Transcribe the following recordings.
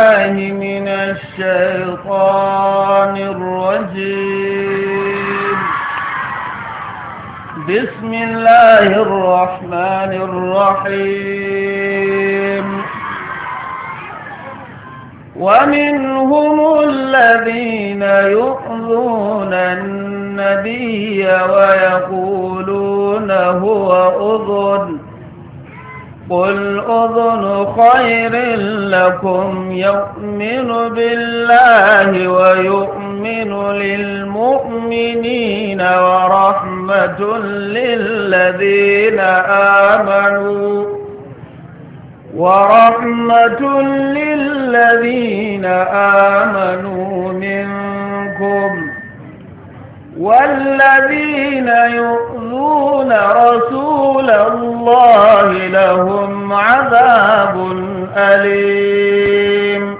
بالله من الشيطان الرجيم بسم الله الرحمن الرحيم ومنهم الذين يؤذون النبي ويقولون هو أذن قل أذن خير لكم يؤمن بالله ويؤمن للمؤمنين ورحمة للذين آمنوا ورحمة للذين آمنوا منكم والذين يؤمنون يؤذون رسول الله لهم عذاب أليم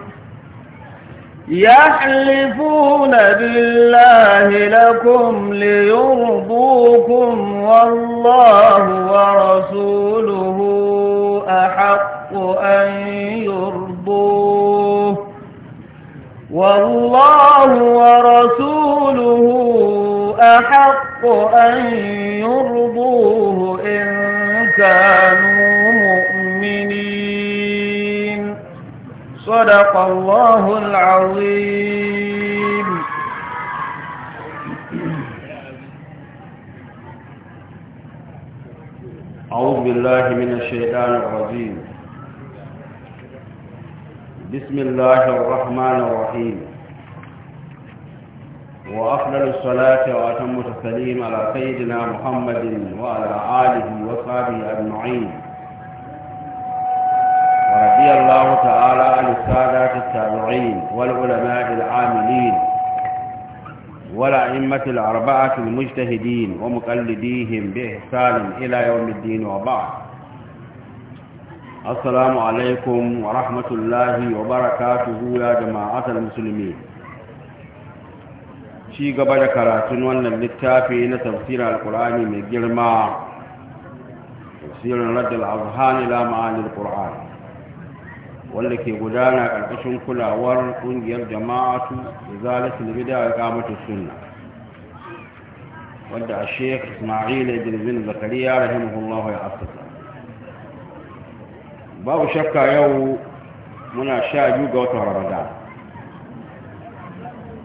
يحلفون بالله لكم ليرضوكم والله ورسوله أحق أن يرضوه والله ورسوله أحق الحق أن يرضوه إن كانوا مؤمنين صدق الله العظيم أعوذ بالله من الشيطان الرجيم بسم الله الرحمن الرحيم وأفضل الصلاة وأتم التسليم على سيدنا محمد وعلى آله وصحبه أجمعين ورضي الله تعالى عن السادة التابعين والعلماء العاملين والأئمة الأربعة المجتهدين ومقلديهم بإحسان إلى يوم الدين وبعد السلام عليكم ورحمة الله وبركاته يا جماعة المسلمين ci gaba da karatun wannan littafi na tafsirin alkur'ani mai girma tafsirin raddal azhan ila ma'anil wanda ke gudana ƙarƙashin kulawar ƙungiyar jama'atu izalatul bid'a iqamatu sunna wanda a sheikh isma'il ibn bin zakariya rahimahullah ya asasa babu shakka yau muna sha biyu ga watan ramadan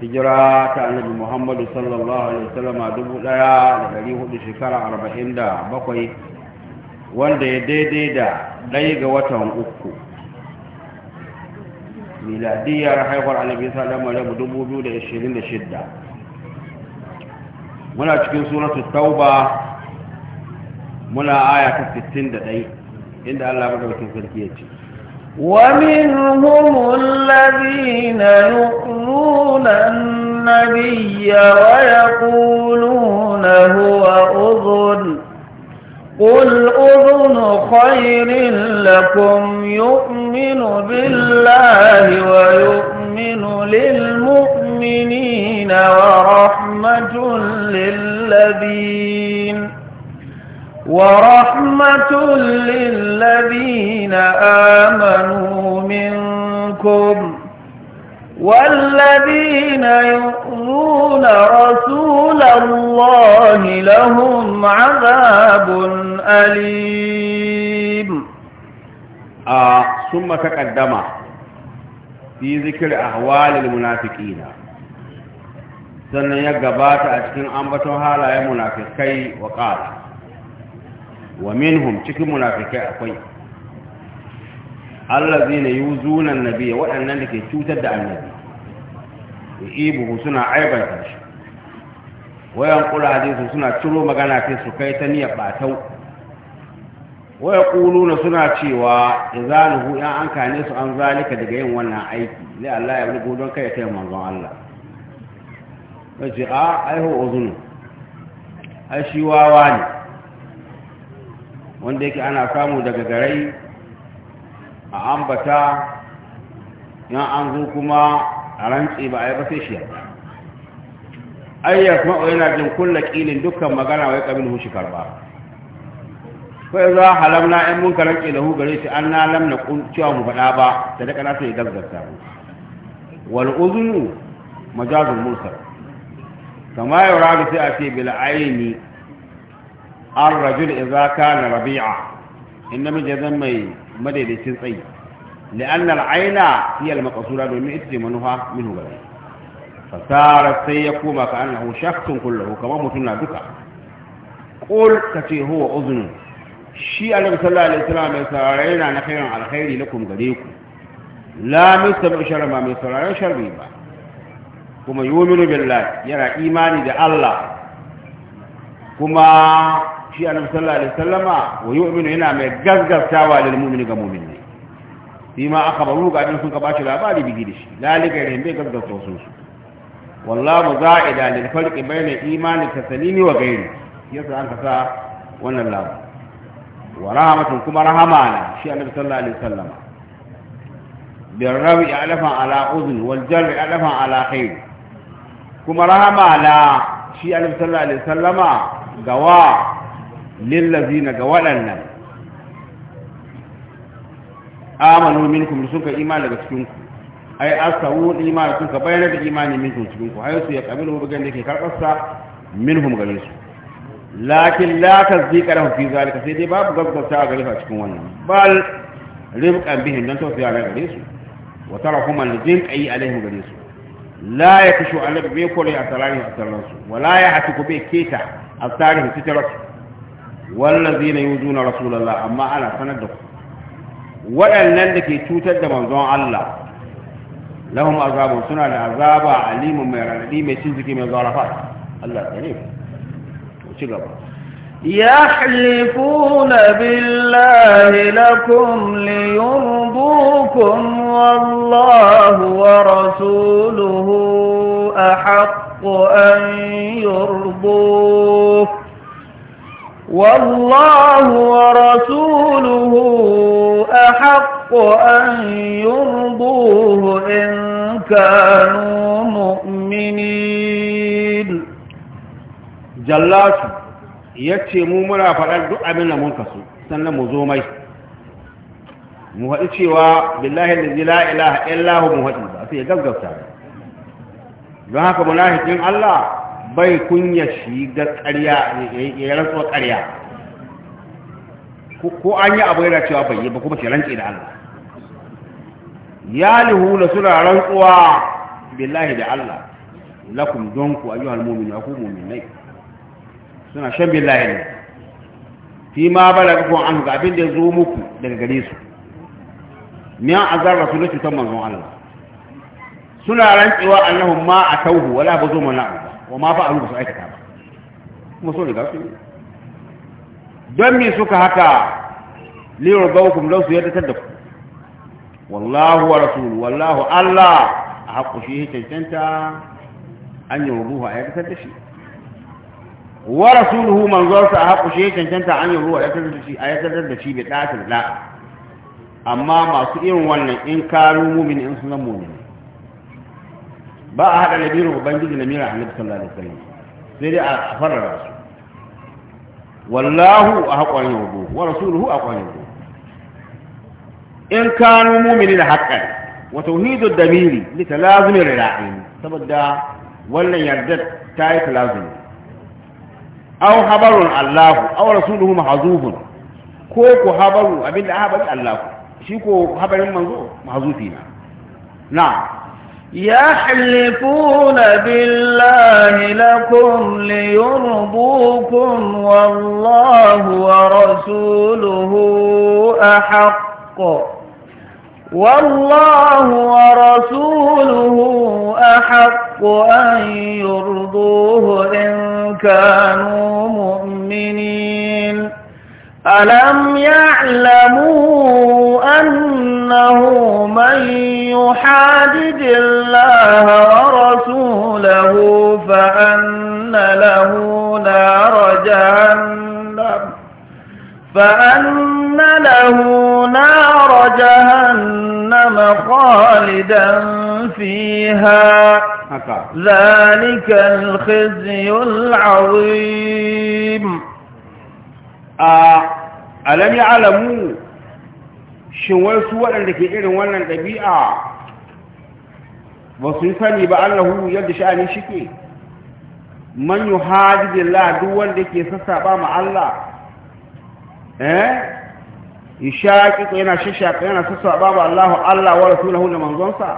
hijira ta annabi muhammadu sallallahu alaihi wasallama dubu daya da dari hudu shekara arba'in da bakwai wanda ya daidai da ɗaya ga watan uku miladiyar haihuwar annabi sallallahu alaihi dubu biyu da ishirin da shidda muna cikin suratu tauba muna aya ta sittin da ɗai inda allah madaukakin sarki ya ce ومنهم الذين يؤمنون النبي ويقولون هو أذن قل أذن خير لكم يؤمن بالله ويؤمن للمؤمنين ورحمة للذين ورحمة للذين آمنوا منكم والذين يؤذون رسول الله لهم عذاب أليم آه ثم تقدم في ذكر أهوال المنافقين سنة يقبات أشكين a cikin ambaton halayen wa minhum cikin munafikai akwai allazina yuzuna Nabiyya waɗannan da ke cutar da annabi ibuhu suna aibanta shi wayan kula hadisu suna ciro magana ta su kai ta niyyar batau waya kuluna suna cewa izanuhu ya an kane su an zalika daga yin wannan aiki zai Allah ya rubu don kai kai manzon Allah ya ce a ai ho uzunu ai shi wawa ne wanda yake ana samu daga garai a ambata yan an zo kuma a rantse ba a yi ba sai shi ayyar ma'o yana jin kulla ƙilin dukkan magana wai kabin hushi karba kai za halamna in mun karanke lahu gare shi an na lamna cewa mu faɗa ba da daga na sai gaggasta mu wal uzunu majazul mursal kama yuradu sai a ce bil aini an rajul idza kana rabi'a in namiji zan mai madaidaicin tsayi لأن العين هي المقصورة من إتي منها منه غير فصار سيكون كأنه شخص كله كما متنا دكا قل كتي هو أذن شيء النبي صلى الله عليه وسلم يسارعين عن خير على خير لكم غريكم لا مستمع شر ما مستمع شر بيبا كما يؤمن بالله يرى إيماني دي الله كما shi annabi sallallahu alaihi wasallama wa yu'minu yana mai gaggaftawa lil mu'mini ga mu'mini shi ma aka baru ga sun ka bashi labari bigi da shi lalika ne bai gaggafta su wallahu za'ida lil farqi bayna imani taslimi wa ghairi yasa an kasa wannan labu wa rahmatun kuma rahama na shi annabi sallallahu alaihi wasallama bil rawi alafan ala udhun wal jarri alafan ala khair kuma rahama na shi annabi sallallahu alaihi wasallama gawa lillazina ga waɗannan amanu minkum sun ka imani daga cikinku ku ai asawu imani sun ka bayyana da imani minkum cikin ku hayo su ya kabilu bugan da ke karbarsa minhum gare su lakin la tasdiqa lahu fi zalika sai dai babu gaggauta a gare cikin wannan bal rifqan bihim dan tausaya ga gare su wa tarahum alladhin ayi alaihim gare su la yakashu alab bi kulli asalani asalansu wa la ya'tiku bi kita asarihi titaratu والذين يؤذون رسول الله أما أنا فندق وأن لك توتد من منظوم الله لهم عذاب سنة عذاب عليم ميران عليم من ظرفات الله تعليم وشي قبر يحلفون بالله لكم ليرضوكم والله ورسوله أحق أن يرضوه والله ورسوله أحق أن يرضوه إن كانوا مؤمنين جلات yace mu muna faɗar duk abin da mun kasu sannan mu zo mai mu haɗu cewa billahi la ilaha illahu mu haɗu ba sai ya gaggauta don haka munafikin Allah bai kunya shi ga ƙarya ya rantsuwa ƙarya ko an yi abu yana cewa bai yi ba kuma shi rantsi da Allah ya lihula suna rantsuwa billahi da Allah lakum donku ayyuhal mu'minu aku nai suna shan billahi ne fi ma balagakum an ga abin da zo muku daga gare su ni an azar rasulullahi cutar manzon Allah suna rantsuwa annahum ma Tauhu wala zo mana'u wa ma fa'alu ba su aikata ba kuma so riga su don me suka haka liyar baukum don su yardatar da ku wallahu wa rasulu wallahu Allah a haƙƙo shi cancanta an yi rubuwa a yardatar da shi wa rasuluhu manzonsa a haƙƙo shi cancanta an yi rubuwa a ya yardatar da shi bai ɗatar da amma masu irin wannan in karu mumin in suna mumin ba a haɗa labirin ubangiji na mira annabi sallallahu da wasallam sai dai a farara su wallahu a haƙon yau wa rasuluhu a haƙon yau in kanu mumini da haƙƙan wa tauhidu damiri li talazumi rira'in saboda wannan yardar ta yi talazumi aw habarun allahu au rasuluhu mahzufun ko ku habaru abinda habari allahu shi ko habarin manzo mahzufi na na'am يحلفون بالله لكم ليرضوكم والله ورسوله أحق والله ورسوله أحق أن يرضوه إن كانوا مؤمنين ألم يعلموا أنه من يحادد الله ورسوله فأن له نار جهنم فأن له نار جهنم خالدا فيها ذلك الخزي العظيم آه، ألم يعلموا shin wai su waɗanda ke irin wannan ɗabi'a ba su yi sani ba allahu yadda sha'ani shi ke man yi hajjillah duk wanda ke sassaɓa ma Allah eh yi shaƙi ko yana shashaƙa yana sassaɓa ma allahu Allah wa rasulahu da manzonsa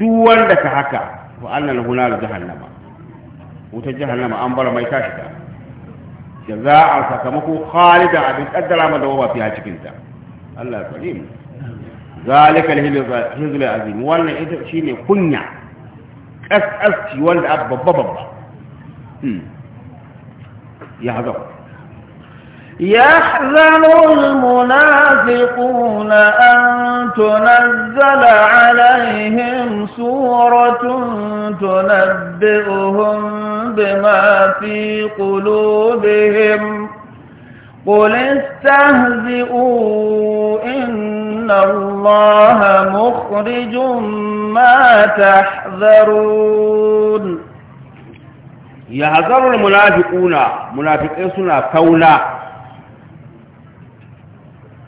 duk wanda ka haka wa na huna da jahannama wutar nama an bar mai tashi ta jaza'an sakamako khalidan abin kaddara ma da wa fiya cikinta Allah karim zalika alhizl azim wannan ita shine kunya kasasci wanda abba babba ya hazo يحذر المنافقون أن تنزل عليهم سورة تنبئهم بما في قلوبهم قل استهزئوا إن الله مخرج ما تحذرون يحذر المنافقون منافقين سنة كونا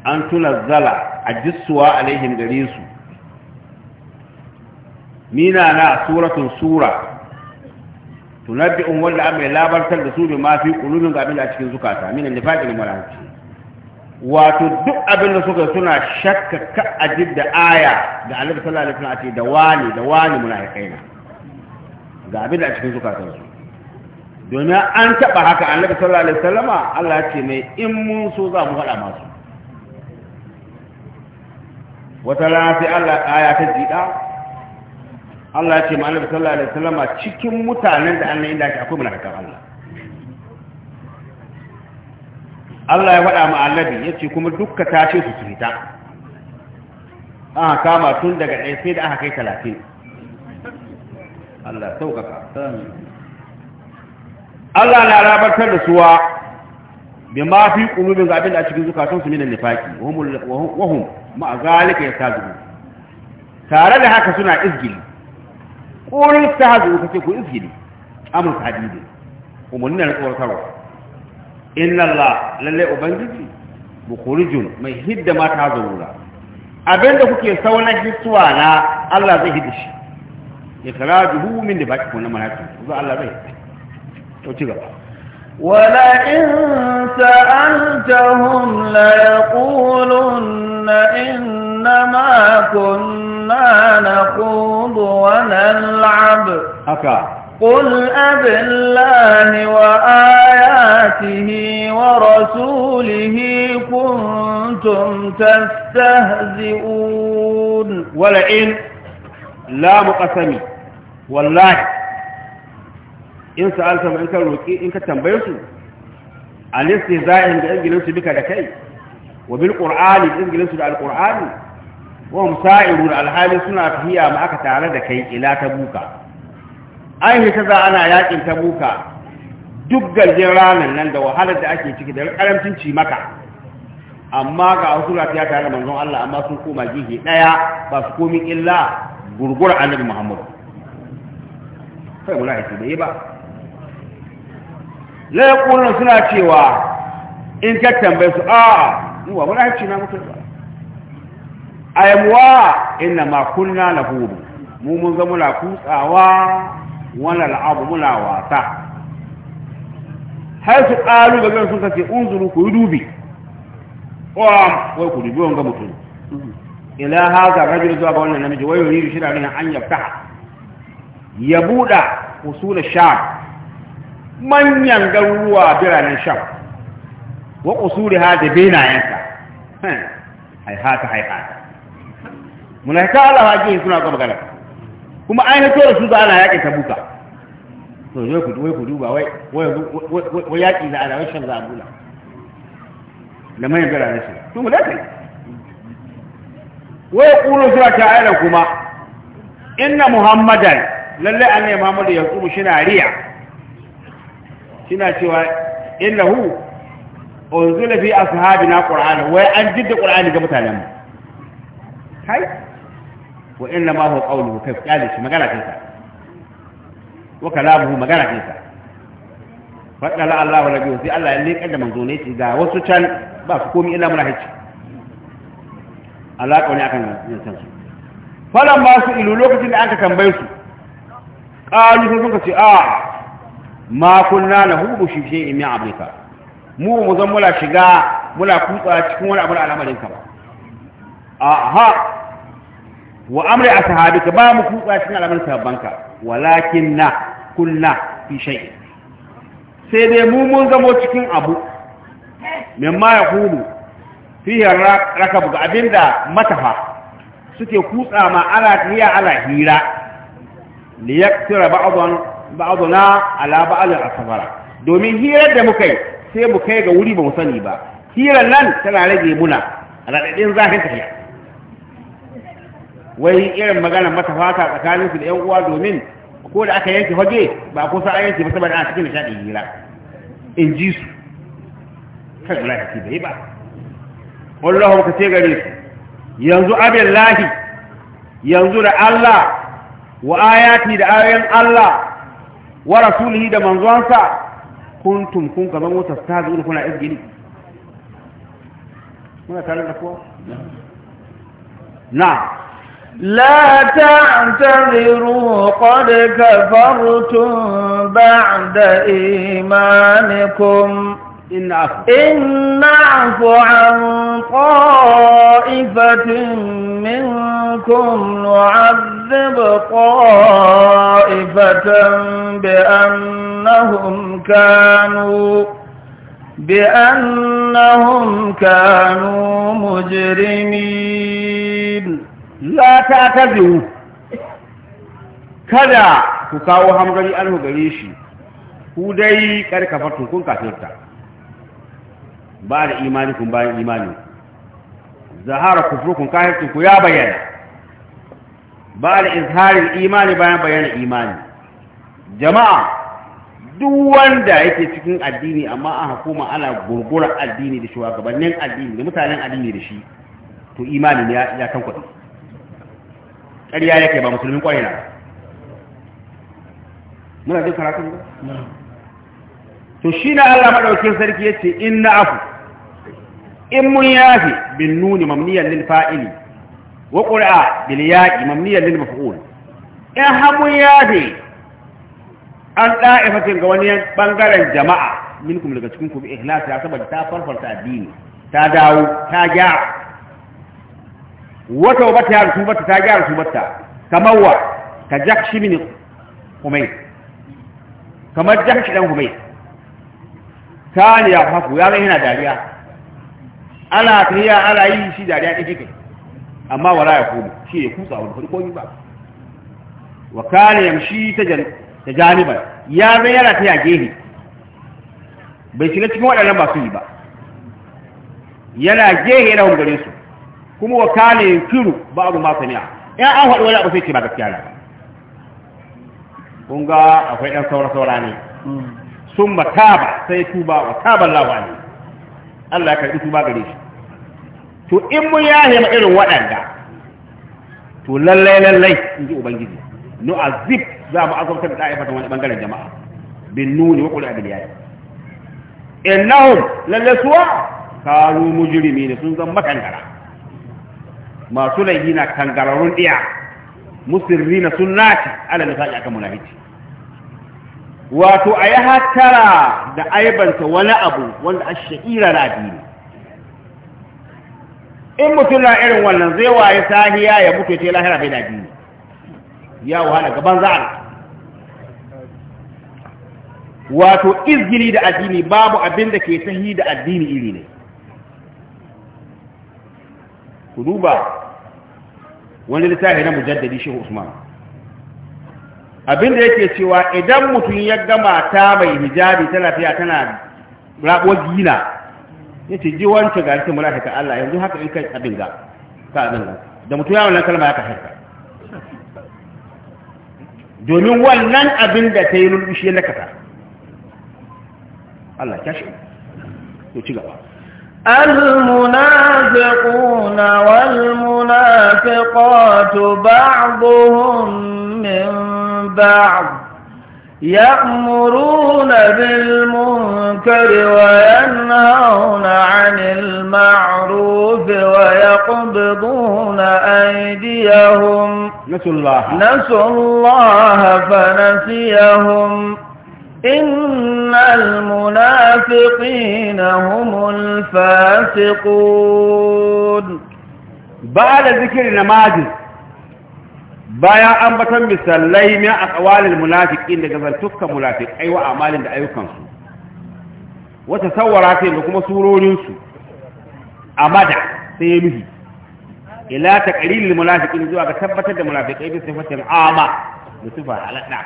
أن تنزل أجسوا عليهم دريسوا مينا أنا سورة سورة tunabbi'un wanda an mai labartar da su bi ma fi qulubin ga abin da a cikin zukata minan nifaqin munafiqi wato duk abin da suka suna shakka ka da aya da Annabi sallallahu alaihi wasallam da wani da wani munafiqaina ga abin da a cikin zukatan su domin an taɓa haka Annabi sallallahu alaihi wasallama Allah ya ce mai in mun so za mu hada masu wata rana sai Allah aya ta jiɗa. Allah ya ce ma'anar sallallahu alaihi wasallama cikin mutanen da annabi inda ake akwai munafikan Allah Allah ya faɗa ma annabi yace kuma dukka ta ce su fita aka kama tun daga ɗaya sai da aka kai talatin Allah sauƙaƙa Allah na rabartar da suwa bi ma fi ƙulubin ga abin da a cikin su minan nifaki wahum ma'a zalika ya sa tare da haka suna izgili korin ta hazu ce ku izgili amur hadidi umunna na tsoratarwa inna Allah lalle ubangiji mukhrijun mai hidda ma ta zaura abinda kuke saunan hisuwa na Allah zai hidda shi juhu min da dibatikum na malaiku zuwa Allah zai ta ci gaba ولئن سألتهم ليقولن إنما kunna. كنا نخوض ونلعب أكا قل أب الله وآياته ورسوله كنتم تستهزئون ولئن لا مقسمي والله إن ما إنك الوكي إنك تنبيسوا عن استهزائهم بإنجلسوا بك لكي وبالقرآن بإنجلسوا على القرآن wa musa'irun alhali suna tafiya ma aka tare da kai ila tabuka an ta za ana yakin tabuka duk garjin ranar nan da wahalar da ake ciki da karamcin maka, amma ga wasu ta tare da manzon Allah amma sun koma gihe daya ba su komi illa gurgur annabi Muhammad Sai mu yake bai ba la yaqulun suna cewa in ka tambaye su a mu ba mula na mutunta ba aimuwa inna ma kunna na hudu mu mun zama muna kutsawa wani al'abu muna wasa har su ƙalu gaban sun kace unzuru ku yi dubi ƙwam wai ku dubi wanga mutum ila haza rajul zuwa ga wannan namiji wai yuri shi da an yafta ya buɗa usul sham manyan garuruwa biranen sham wa usuli ha da hata haihata hata ta Allah haƙi suna ga magana kuma ai na da su ga ana yaƙin tabuka to zai ku wai ku duba wai wai yaƙi da ana wai shan bula da mai gara ne shi to mu dace wai kulo su ta aina kuma inna muhammadan lalle anne muhammadu ya kuma shi na riya shina cewa innahu unzila fi ashabina qur'ana wai an jidda qur'ani ga mutanen mu kai wa inna ma huwa qawluhu kai kyale shi magana kinsa wa kalamuhu magana kinsa fadala Allah wa nabiyu sai Allah ya leka da manzo ne shi ga wasu can ba su komi illa muna hicci Allah kauni akan yin san su falan ba su ilu lokacin da aka tambaye su qalu sun suka ce a ma kunna lahu shi shay'in min mu mu zan mula shiga mula kutsa cikin wani abu al'amarin ka ba wa amri ashabika ba mu kutsa cikin al'amarin sahabbanka walakin na kunna fi shay sai dai mu mun zamo cikin abu mimma yaqulu fi rakab ga abinda matafa suke kutsa ma ala tiya ala hira yaktira ba'dhan ba'dhana ala ba'd al-asfara domin hirar da muka yi sai mu kai ga wuri ba mu sani ba hirar nan tana rage muna radadin zahin tafiya wai irin magana mata fata tsakanin su da yan uwa domin ko da aka yanke fage ba ko sa yanke ba saboda ana cikin nishadi hira in ji su kan lafi bai ba wallahu ka ce gare su yanzu abillahi yanzu da Allah wa ayati da ayoyin Allah wa rasulihi da manzonsa kuntum kun kaman wata stazu kuna izgini muna tare da kowa na لا تعتذروا قد كفرتم بعد إيمانكم إن نعف عن طائفة منكم نعذب طائفة بأنهم كانوا بأنهم كانوا مجرمين la ta taziru kada ku kawo hamgari an gare shi ku dai karkafatun kun kafirta ba da kun bayan imani zahara kun kafirtun ku ya bayyana ba da izharin imani bayan bayyana imani jama'a duk wanda yake cikin addini amma an hukuma ana gurgurar addini da shugabannin addini da mutanen addini da shi to imani ne ya kankwata ƙarya ya kai ba musulmin ƙwarai na muna jin karatun ba to shi na Allah maɗaukin sarki ya ce in na afu in mun yafi bin nuni mamniyar lil fa'ili wa ƙura bil yaƙi mamniyar lil mafi'ul in ha mun yafi an ɗa'ifatin ga wani ɓangaren jama'a minkum daga cikin kuma ihlasa saboda ta farfarta addini ta dawo ta gyara wata wata ya rusu mata ta gyara su mata kamar wa ka jakshi mini humay kamar jakshi dan ta ne ya haku ya gani yana dariya ana yi ana yi shi dariya ɗin kai amma wala ya komo shi ya kusa wani ko ba wa kane ya ta ta janiba ya zai yana ta gehe bai shiga cikin waɗannan masu yi ba yana gehe na hungare su kuma wa kane kiru babu ma sani'a ya an faɗi wani abu sai ce ba gaskiya na kun ga akwai ɗan saura saura ne sun mataba sai tuba wa taban lawa ne Allah ya karɓi tuba gare shi to in mun yahe ma irin waɗanda to lallai lallai in ji ubangiji nu azib za mu azabtar da da'ifatan wani bangaren jama'a bin nuni wa qul abiliyai innahum lallai suwa kanu mujrimina sun zama makangara masu laifi na kangararrun ɗiya musirri na sunnati ala nisa'i akan munafici wato a yi hattara da aibanta wani abu wanda a sha'ira na addini in mutum na irin wannan zai waye sahiya ya mutu ce lahira bai da addini ya wahala gaban za'a wato izgiri da addini babu abin da ke sahi da addini iri ne ku duba wani littafi na mujaddadi shehu usman abinda yake cewa idan mutum ya gama ta mai hijabi ta lafiya tana rabo gina ya ce ji wancan ga rikin mulaka ta Allah yanzu haka in kai abin ga ka nan da mutum ya wannan kalma ya ka haifa domin wannan abin da ta yi lullushi ya nakata Allah ya shi to ci gaba المنافقون والمنافقات بعضهم من بعض يأمرون بالمنكر وينهون عن المعروف ويقبضون أيديهم نسوا الله نسوا الله فنسيهم إن المنافقين هم الفاسقون بعد ذكر نماذج bayan an baton misalai a aqwalil munafiqin daga zantukan munafiqai wa amalin da ayyukan su wata sawara sai da kuma surorin su amada sai mihi ila taqrilil munafiqin zuwa ga tabbatar da munafiqai bi sifatin ama da sifa halada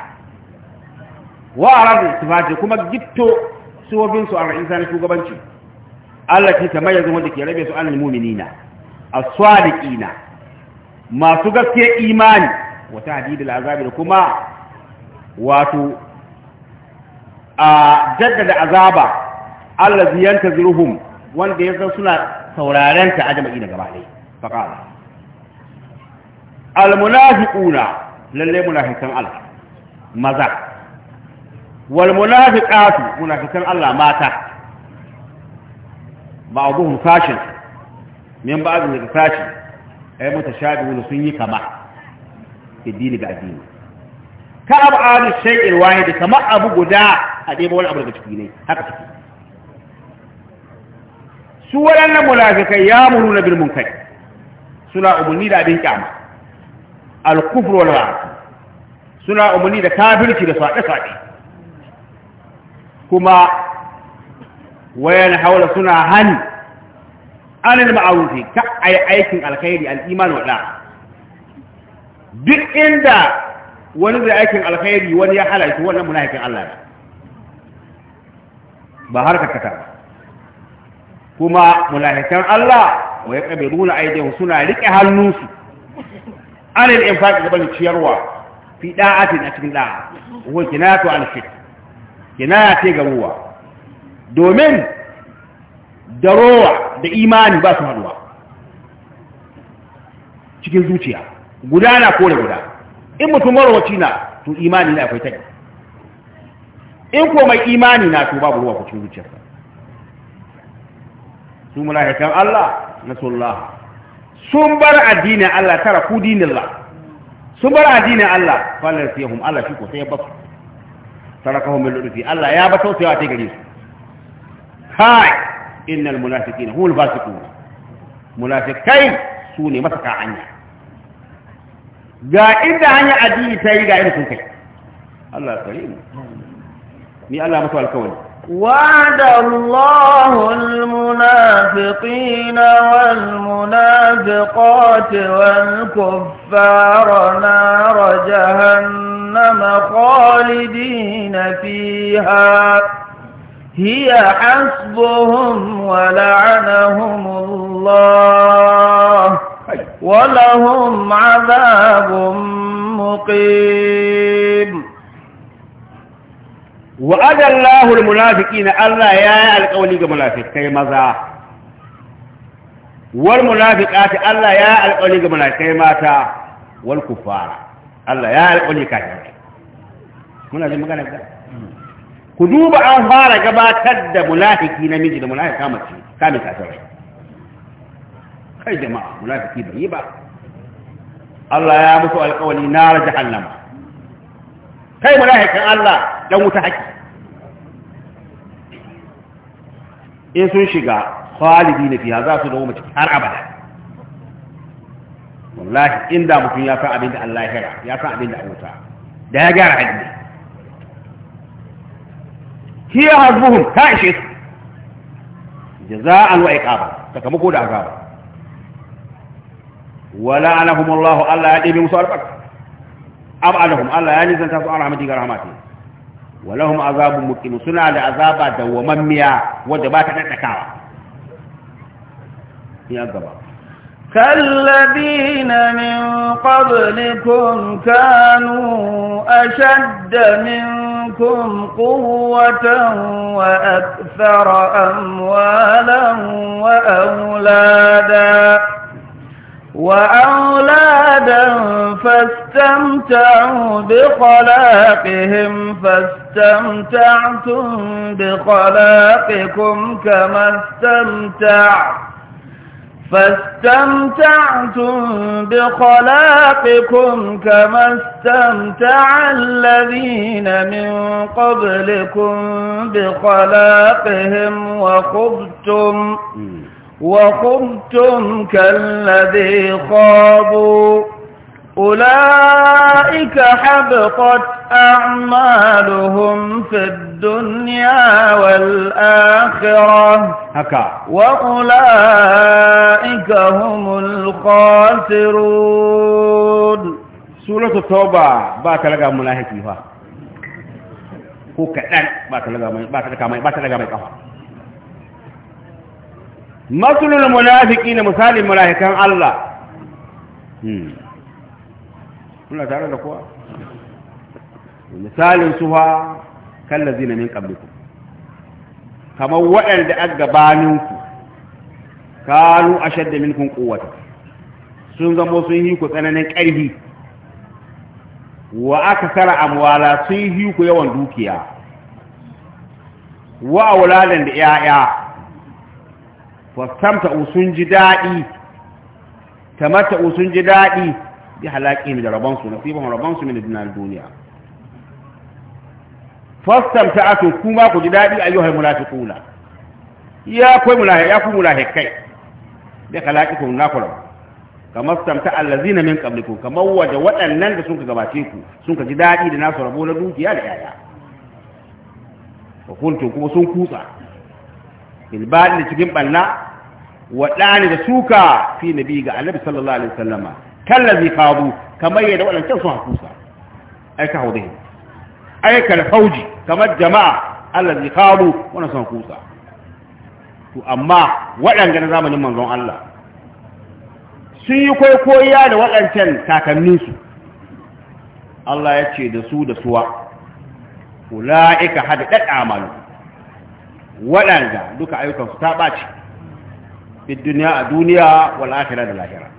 wa arabi sifati kuma gitto suwabin su ar'isa na shugabanci Allah ke tamayyazu wanda ke rabe su annal mu'minina as-sadiqina masu gaskiya imani wa tahdidul azabi kuma wato a jaddada azaba allazi yantaziruhum wanda yasan suna sauraren ta ajma'i na gaba dai faqala al munafiquna lalle munafiqan Allah maza wal munafiqatu munafiqan Allah mata ba'dhum fashin min ba'd daga fashi ay mutashabihun sun yi kama addini ga addini ka abu abadu shay'il wahid kama abu guda a dai wani abu daga ciki ne haka take su waɗannan munafikai ya muru na bil munkari suna umarni da abin kyama al-kufru wal suna umarni da kafirci da fade-fade kuma wayan haula suna hani anil ma'arufi ka ai aikin alkhairi al'iman iman wada duk inda wani zai aikin alkhairi wani ya halarci wannan munafikin Allah ne ba har ka ba kuma munafikan Allah wa yaqbiduna aydihim suna rike hannunsu anil infaq gaban ciyarwa fi da'atin a cikin da'a wa kinatu al-shirk Yana ya ce ga ruwa domin da rowa da imani ba su haduwa cikin zuciya gudana ko da guda in mutum marowaci na to imani na akwai taƙi in ko mai imani na to babu ruwa ku cikin zuciyarsa su mulahikan Allah na sallah sun bar addinin Allah tara ku dinin Allah sun bar addinin Allah falar sai hum Allah shi ko sai ya basu sarakahu min lutfi Allah ya ba tausayawa ta gare su kai innal munafiqina humul fasiqun munafiqai su ne masaka hanya ga inda hanya addini ta yi ga irin sun kai Allah karimu ni Allah masa alkawari وعد الله المنافقين والمنافقات والكفار نار جهنم جهنم خالدين فيها هي حسبهم ولعنهم الله ولهم عذاب مقيم وعد الله المنافقين ألا يا القولي كمنافق كي مزا والمنافقات ألا يا القولي كمنافق كي ماتا والكفار Allah ya alƙule kafirai muna jin magana ga ku duba an fara gabatar da munafiki namiji da munafika mace kame kafirai kai jama'a munafiki bai yi ba Allah ya mutu alƙawari na jahannama kai munafikan Allah dan wuta haki in sun shiga khalidi na fiya za su zama mace har abada wallahi inda mutum ya san abin da Allah ya ya san abin da wuta da ya gyara hali ne hiya hazbuhum ta ishe su jaza'an wa iqaba sakamako da azaba wala anahum Allah Allah ya dibi musu albarka abadahum Allah ya nizanta su arhamati ga rahmati walahum azabun muqim suna da azaba dawwamammiya wadda ba ta daddakawa ya gaba كالذين من قبلكم كانوا أشد منكم قوة وأكثر أموالا وأولادا وأولادا فاستمتعوا بخلاقهم فاستمتعتم بخلاقكم كما استمتعتم فاستمتعتم بخلاقكم كما استمتع الذين من قبلكم بخلاقهم وخبتم وخبتم كالذي خابوا أولئك حبطت أعمالهم في الدنيا والآخرة هكا وأولئك هم الخاسرون سورة التوبة بات لغا ملاحك يوها كوكا لان باتا لغا باتا لغا باتا لغا باتا مثل المنافقين مثال الملاحكين الله kuna tare da kowa misalin suwa kallazi na min ƙabliku kamar waɗanda a gabaninku kanu a shadda minkun ƙuwata sun zama sun yi ku tsananin ƙarfi wa aka tsara amwala sun yi ku yawan dukiya wa auladan da 'ya'ya fastamta sun ji daɗi sun ji daɗi دي بحلاقهم لربانسو نصيبهم ربانسو من الدنيا الدنيا فاستمتعتم كما كجدادي أيها المنافقون يا كوي ملاهي يا كوي ملاهي كي دي بخلاقكم ناكل كما استمتع الذين من قبلكم كما وجه وأنن سنك غباتيكم سنك جدادي لناس ربونا دوكي يا لآيات وكنتم كما سنكوصا البعض لتجنب الله لنا da suka fi nabi ga annabi sallallahu alaihi wasallama kallazi fadu kamar yadda waɗancan sun hakusa ai ka haudai ai kal fauji kamar jama'a allazi fadu wannan sun hakusa to amma waɗanda na zamanin manzon Allah sun yi koya da waɗancan kakanninsu Allah ya ce da su da suwa ula'ika hada amalu. waɗanda duka ayyukansu ta ɓaci fi duniya a duniya wal akhirah da lahira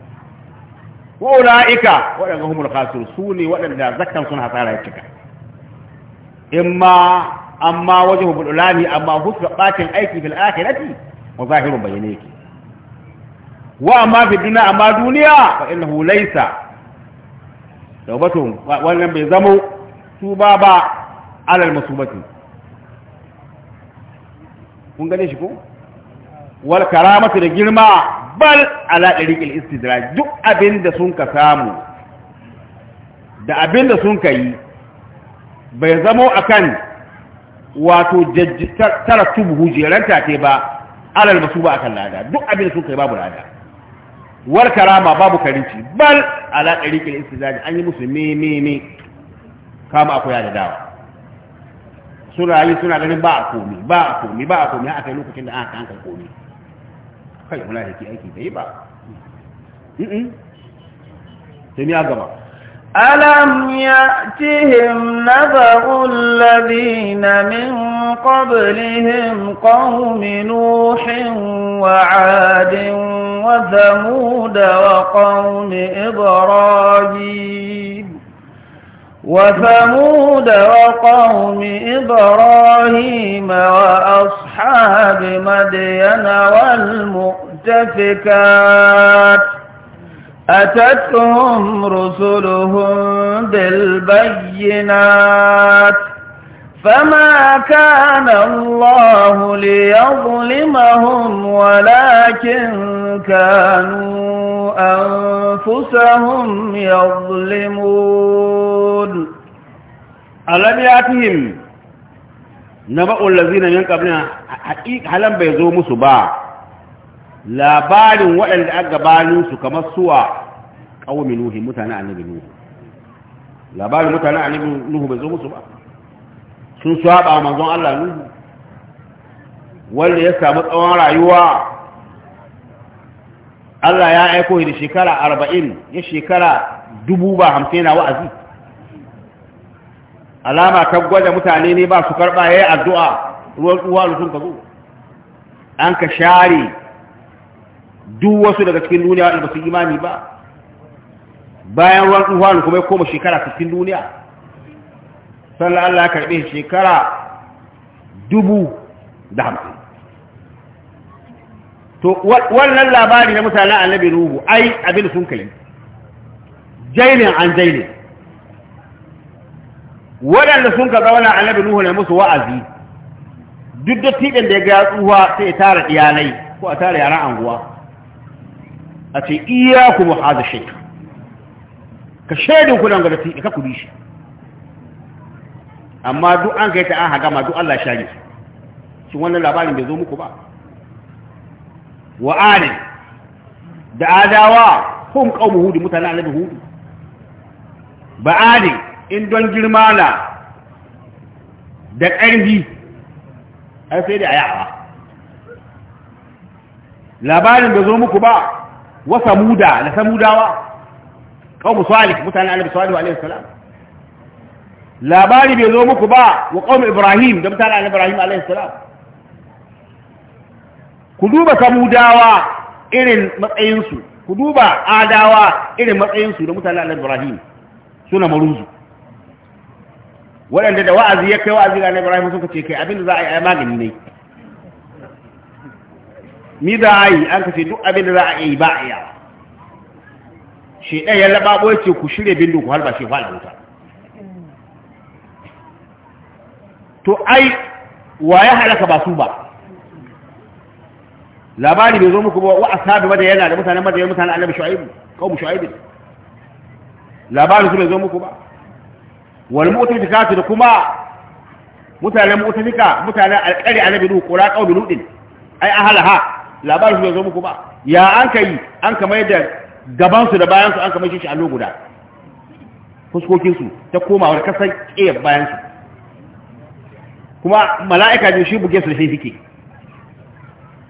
wa ula'ika waɗanda humul khasir su ne waɗanda zakkan sun hasara ya cika imma amma waje hubul ulani amma huska ɓacin aiki fil akhirati wa zahirun bayyane yake wa amma fi duniya amma duniya fa innahu laysa taubatun wannan bai zamo su ba alal musubati kun gane shi ko wal karamatu da girma bal ala ɗariƙil istidraj duk abin da sun ka samu da abin da sun ka yi bai zamo akan wato tara tubuhu jeranta ce ba alal masu ba akan lada duk abin da sun ka yi babu lada war karama babu karinci bal ala ɗariƙil istidraj an yi musu meme kama akwai da dawa suna yi suna ganin ba a komi ba a komi ba a komi kai lokacin da aka hankali komi kai munafiki aiki bai ba sai ya gaba alam ya'tihim nabaru alladhina min qablihim qaumi nuhin wa 'adin wa thamud wa qaumi ibrahim وثمود وقوم إبراهيم وأصحاب مدين والمؤتفكات أتتهم رسلهم بالبينات فما كان الله ليظلمهم ولكن كانوا أنفسهم يظلمون ألم يأتهم نبأ الذين من قبلنا حقيق هلم بيزوم سبا لا بال وإن أقبالوا سكما سوى قوم نوح متنا عن نبي نوح لا بال متنا عن نبي نوح بيزوم سبا sun saba manzon Allah nuhu wanda ya samu tsawon rayuwa Allah ya aiko shi da shekara arba'in ya shekara dubu ba hamsin na wa'azi alama ta gwada mutane ne ba su karɓa yayin addu'a ruwan tsuwa sun ka zo an ka share duk wasu daga cikin duniya wanda ba su imani ba bayan ruwan tsuwa kuma ya koma shekara cikin duniya sallah Allah karbe shekara dubu da hamsin to wannan labari na mutanen annabi ruhu ai abin sun kalin jailin an jailin waɗanda sun ka zauna annabi ruhu ne musu wa'azi duk da tiɗin da ya ga tsuwa sai ya tara iyalai ko a tara yaran anguwa a ce iya ku mu haza shekaru ka shaidin kudan ga da tiɗi ka kudi shi amma duk an kai ta an ma duk Allah shari shi wannan labarin bai zo muku ba wa ali da adawa hum qaumu hudu mutana annabi hud ba ali in don girma na da ƙarfi ai sai da ayawa labarin bai zo muku ba wa samuda da samudawa qaumu salih mutana annabi salih alaihi salam labari bai zo muku ba wa ƙaun ibrahim da mutane mutanen ibrahim alaihi ku duba samudawa irin matsayinsu ku duba adawa irin matsayinsu da mutane mutanen ibrahim suna maruzu waɗanda da wa'azi ya kai wa'azi ga ibrahim suka ce kai abin da za a yi magani ne mi za a yi an kace duk abin da za a yi ba a yi shi ɗaya ya laɓaɓo ya ce ku shirya bindu ku halba shi fa'a wuta to ai wa ya halaka ba su ba labari bai zo muku ba wa ashabi mada yana da mutanen mada mutanen annabi shu'aibu qaumu shu'aibu labari su bai zo muku ba wal mu'tafika da kuma mutanen mu'tafika mutanen alƙari annabi ko qura qaumi nuhin ai ahalaha labari su bai zo muku ba ya an kai an kamar da gaban su da bayan su an kamar shi allo guda fuskokin su ta komawar kasar kiyar bayan su kuma mala'ika biyu shi buge su da shi suke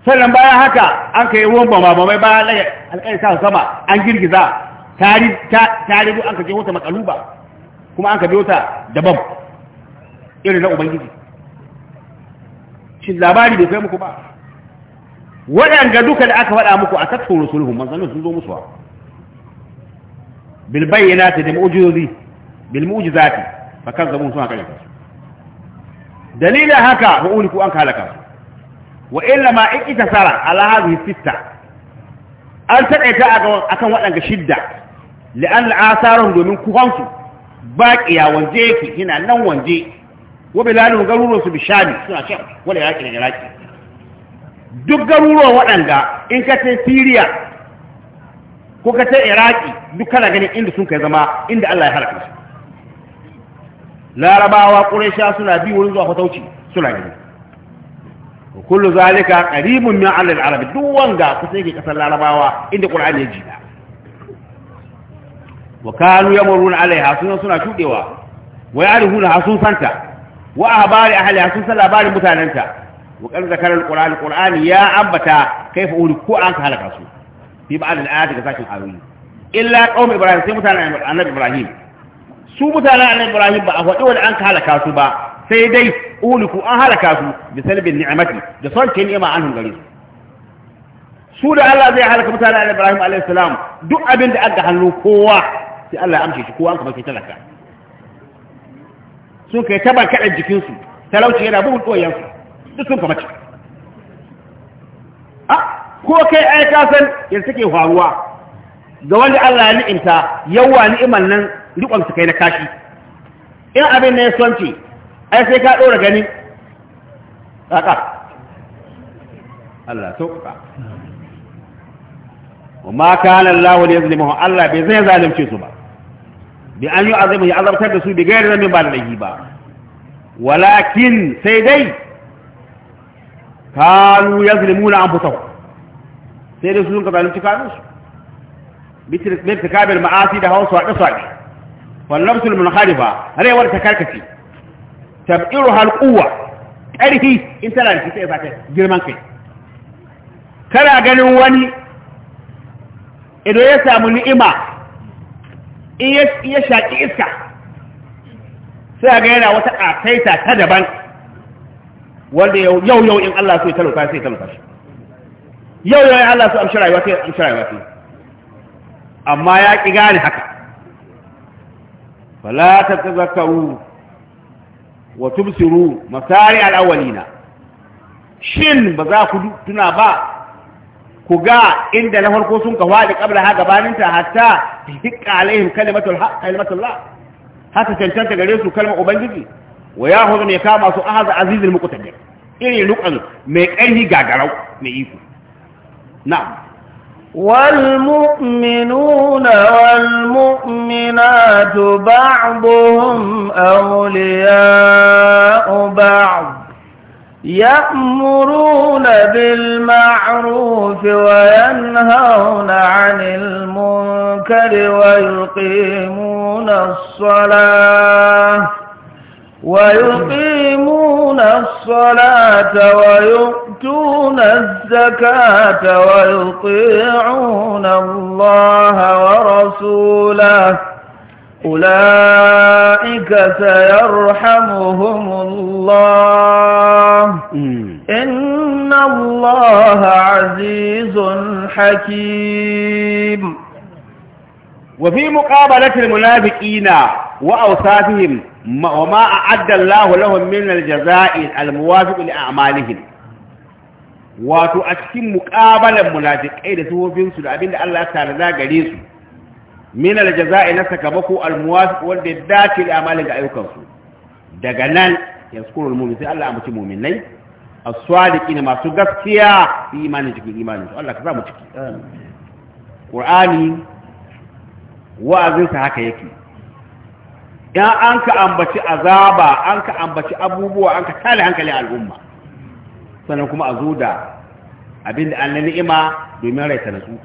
sannan bayan haka an kai ruwan bama bamai bayan alƙari ta sama an girgiza tarihu an ka je wata makaluba kuma an ka biyo ta daban irin na ubangiji shi labari bai kai muku ba waɗanda duka da aka faɗa muku a tattun rusuluhun manzannin sun zo musu musuwa bilbayyana ta da mu'ujizozi bilmu'ujizati kan zamun suna karyata su dalilin haka ba ku an halaka wa illa ma ikita sara ala hadhihi sitta an takaita akan waɗanda shidda li'an al'asarun domin kuhansu baqiya wanje yake ina nan wanje wa bilalu garuruwan su bishami suna shan wala yaki da iraki duk garuruwan waɗanda in ka ce Syria ko ka ce Iraki duk kana ganin inda sun kai zama inda Allah ya halaka su larabawa ƙuraisha suna bi wurin zuwa fatauci suna gani kullu zalika qaribun min alal arabi duk wanga kusa yake kasar larabawa inda qur'ani ya jida wa kanu yamuruna alaiha sunan suna shudewa wa ya'rifuna hasun santa wa ahbari ahli hasun san labarin mutananta wa kan zakarar alqur'ani qur'ani ya ambata kaifa uri ko an halaka su fi ba'd al-ayat ga sakin ayoyi illa qaum ibrahim sai mutanen annabi ibrahim su mutanen annabi ibrahim ba a faɗi wanda an halaka su ba sai dai uliku an halaka su bi salbin ni'amati da sauke ni'ima an gare su su da Allah zai halaka mutanen annabi ibrahim alaihi duk abin da aka hannu kowa sai Allah ya amshe shi kowa an kuma ke talaka sun kai taba kaɗan jikinsu talauci yana bugun ɗoyensu duk sun kamace a ah, ko kai ai ka san yanzu ke faruwa ga wanda Allah ya ni'imta yawa ni'iman nan rikon su na kashi in abin na ya ce ai sai ka ɗora gani kaka Allah sauƙaƙa wa ma kana Allah ne yazlimu Allah bai zai zalunce su ba bi an yi azabi ya azabtar da su bi gairi zamin ba da yi ba walakin sai dai kanu yazlimuna anfusahum sai dai su sun ka kanu su bitir kabel ma'asi da hawan da haɗe والنفس المنحرفة هذه ورد تكاركتي تبئرها القوة ƙarfi in tana da kisa ba girman kai kana ganin wani idan ya samu ni'ima in ya shaƙi iska sai ga yana wata ƙasaita ta daban wanda yau yau in Allah so ya talauta sai ya talauta shi yau yau in Allah rayuwa sai amma ya ƙi gane haka fala tatazakkaru wa tubsiru masari al-awwalina shin ba za ku tuna ba ku ga inda na farko sun ka wadi kabla ha gabanin ta hatta hikka alaihim kalimatul haq kalimatullah hatta cancanta gare su kalmar ubangiji wa yahudun ya kama su ahad azizul muqtadir iri nukan mai karhi gagarau mai iko na'am والمؤمنون والمؤمنات بعضهم أولياء بعض يأمرون بالمعروف وينهون عن المنكر ويقيمون الصلاة ويقيمون الصلاة ويقيمون يؤتون الزكاة ويطيعون الله ورسوله أولئك سيرحمهم الله إن الله عزيز حكيم وفي مقابلة المنافقين وأوصافهم وما أعد الله لهم من الجزاء الموافق لأعمالهم wato a cikin muƙabalar munafiƙai da sufofinsu da abinda Allah ya tarada gare su min aljaza'i na sakamako almuwafiq wanda ya dace da amalin ga ayyukan su daga nan sukuru almu'min sai Allah mutu mu'minai as-sadiqina masu gaskiya fi imani imanin imani su Allah ka sa mu ciki Qur'ani wa'azin sa haka yake dan an ka ambaci azaba an ka ambaci abubuwa an ka tale hankali al'umma sannan kuma a zo da abin da an na ni'ima domin raita na su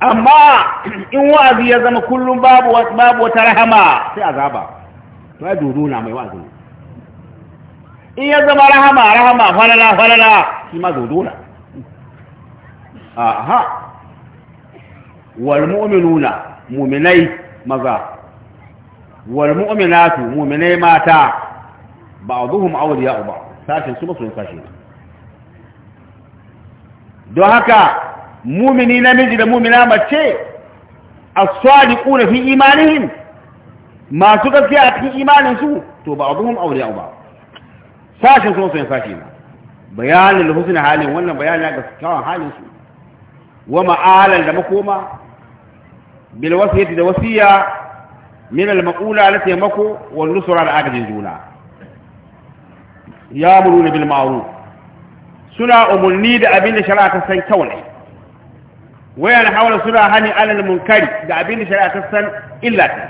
amma in wa'azi ya zama kullum babu wata rahama sai azaba to ya dodo na mai wa'azi in ya zama rahama rahama falala falala shi ma dodo na aha wal mu'minuna mu'minai maza wal mu'minatu mu'minai mata ba'dhum awliya'u ba'd sashen su masoyin sashe don haka mumini namiji da mumina mace a as-sadiquna fi imanihim masu gaskiya a cikin imanin su to ba abuhum awliya ba sashen su masoyin sashe na bayanin da husn halin wannan bayanin ga kyawun halin su wa ma'alan da makoma bil wasiyati da wasiya min al-maqula lati mako wal nusra al-aqdin juna Ya muru da bilmaru. suna umarni da abin da shari'a ta san kyau ne wayan hawala suna hani alal munkari da abin da shari'a ta san illa ta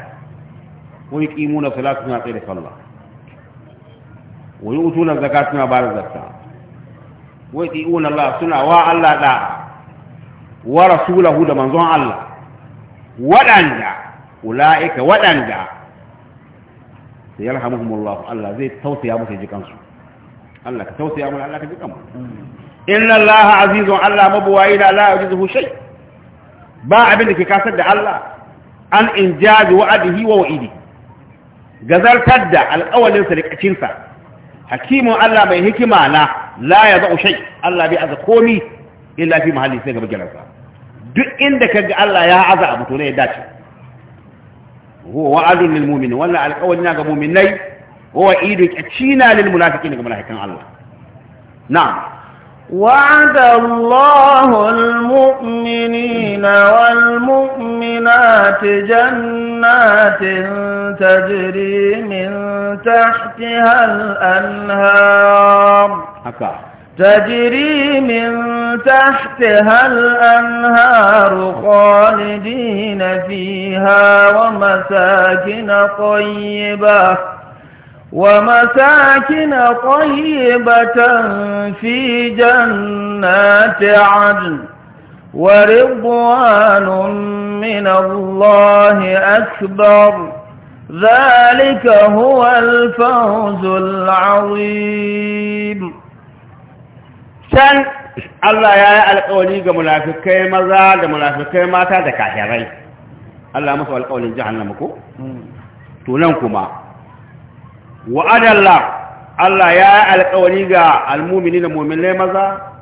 wa yuqimuna salata suna tsaye da sallah wa yu'tuna zakata suna da zakka Wai yuti'una Allah suna wa Allah da wa rasulahu da manzon Allah waɗanda ula'ika waɗanda sai yarhamuhumullahu Allah zai tausaya musu jikansu Allah ka tausaya mana Allah ka ji kanmu inna Allah azizun Allah mabuwayi da la yujizuhu shay ba abin da ke kasar da Allah an injazi wa'adihi wa wa'idi gazartar da alƙawarin sa da kacin sa hakimun Allah mai hikima na la yazau shay Allah bai aza komi illa fi mahalli sai ga bagiransa duk inda ka ga Allah ya aza abu to ne ya dace huwa wa'adun lil mu'minin wannan alƙawalin ga mu'minai wa idu kacina lil munafiqin ga munafikan Allah وعد الله المؤمنين والمؤمنات جنات تجري من تحتها الأنهار تجري من تحتها الأنهار خالدين فيها ومساكن طيبة ومساكن طيبة في جنات عدن ورضوان من الله أكبر ذلك هو الفوز العظيم can Allah ya yi alƙawari ga munafikai maza da munafikai mata da kahirai Allah musu alƙawarin jahannama kuma wa'adalla Allah ya yi alƙawari ga almumini da muminai maza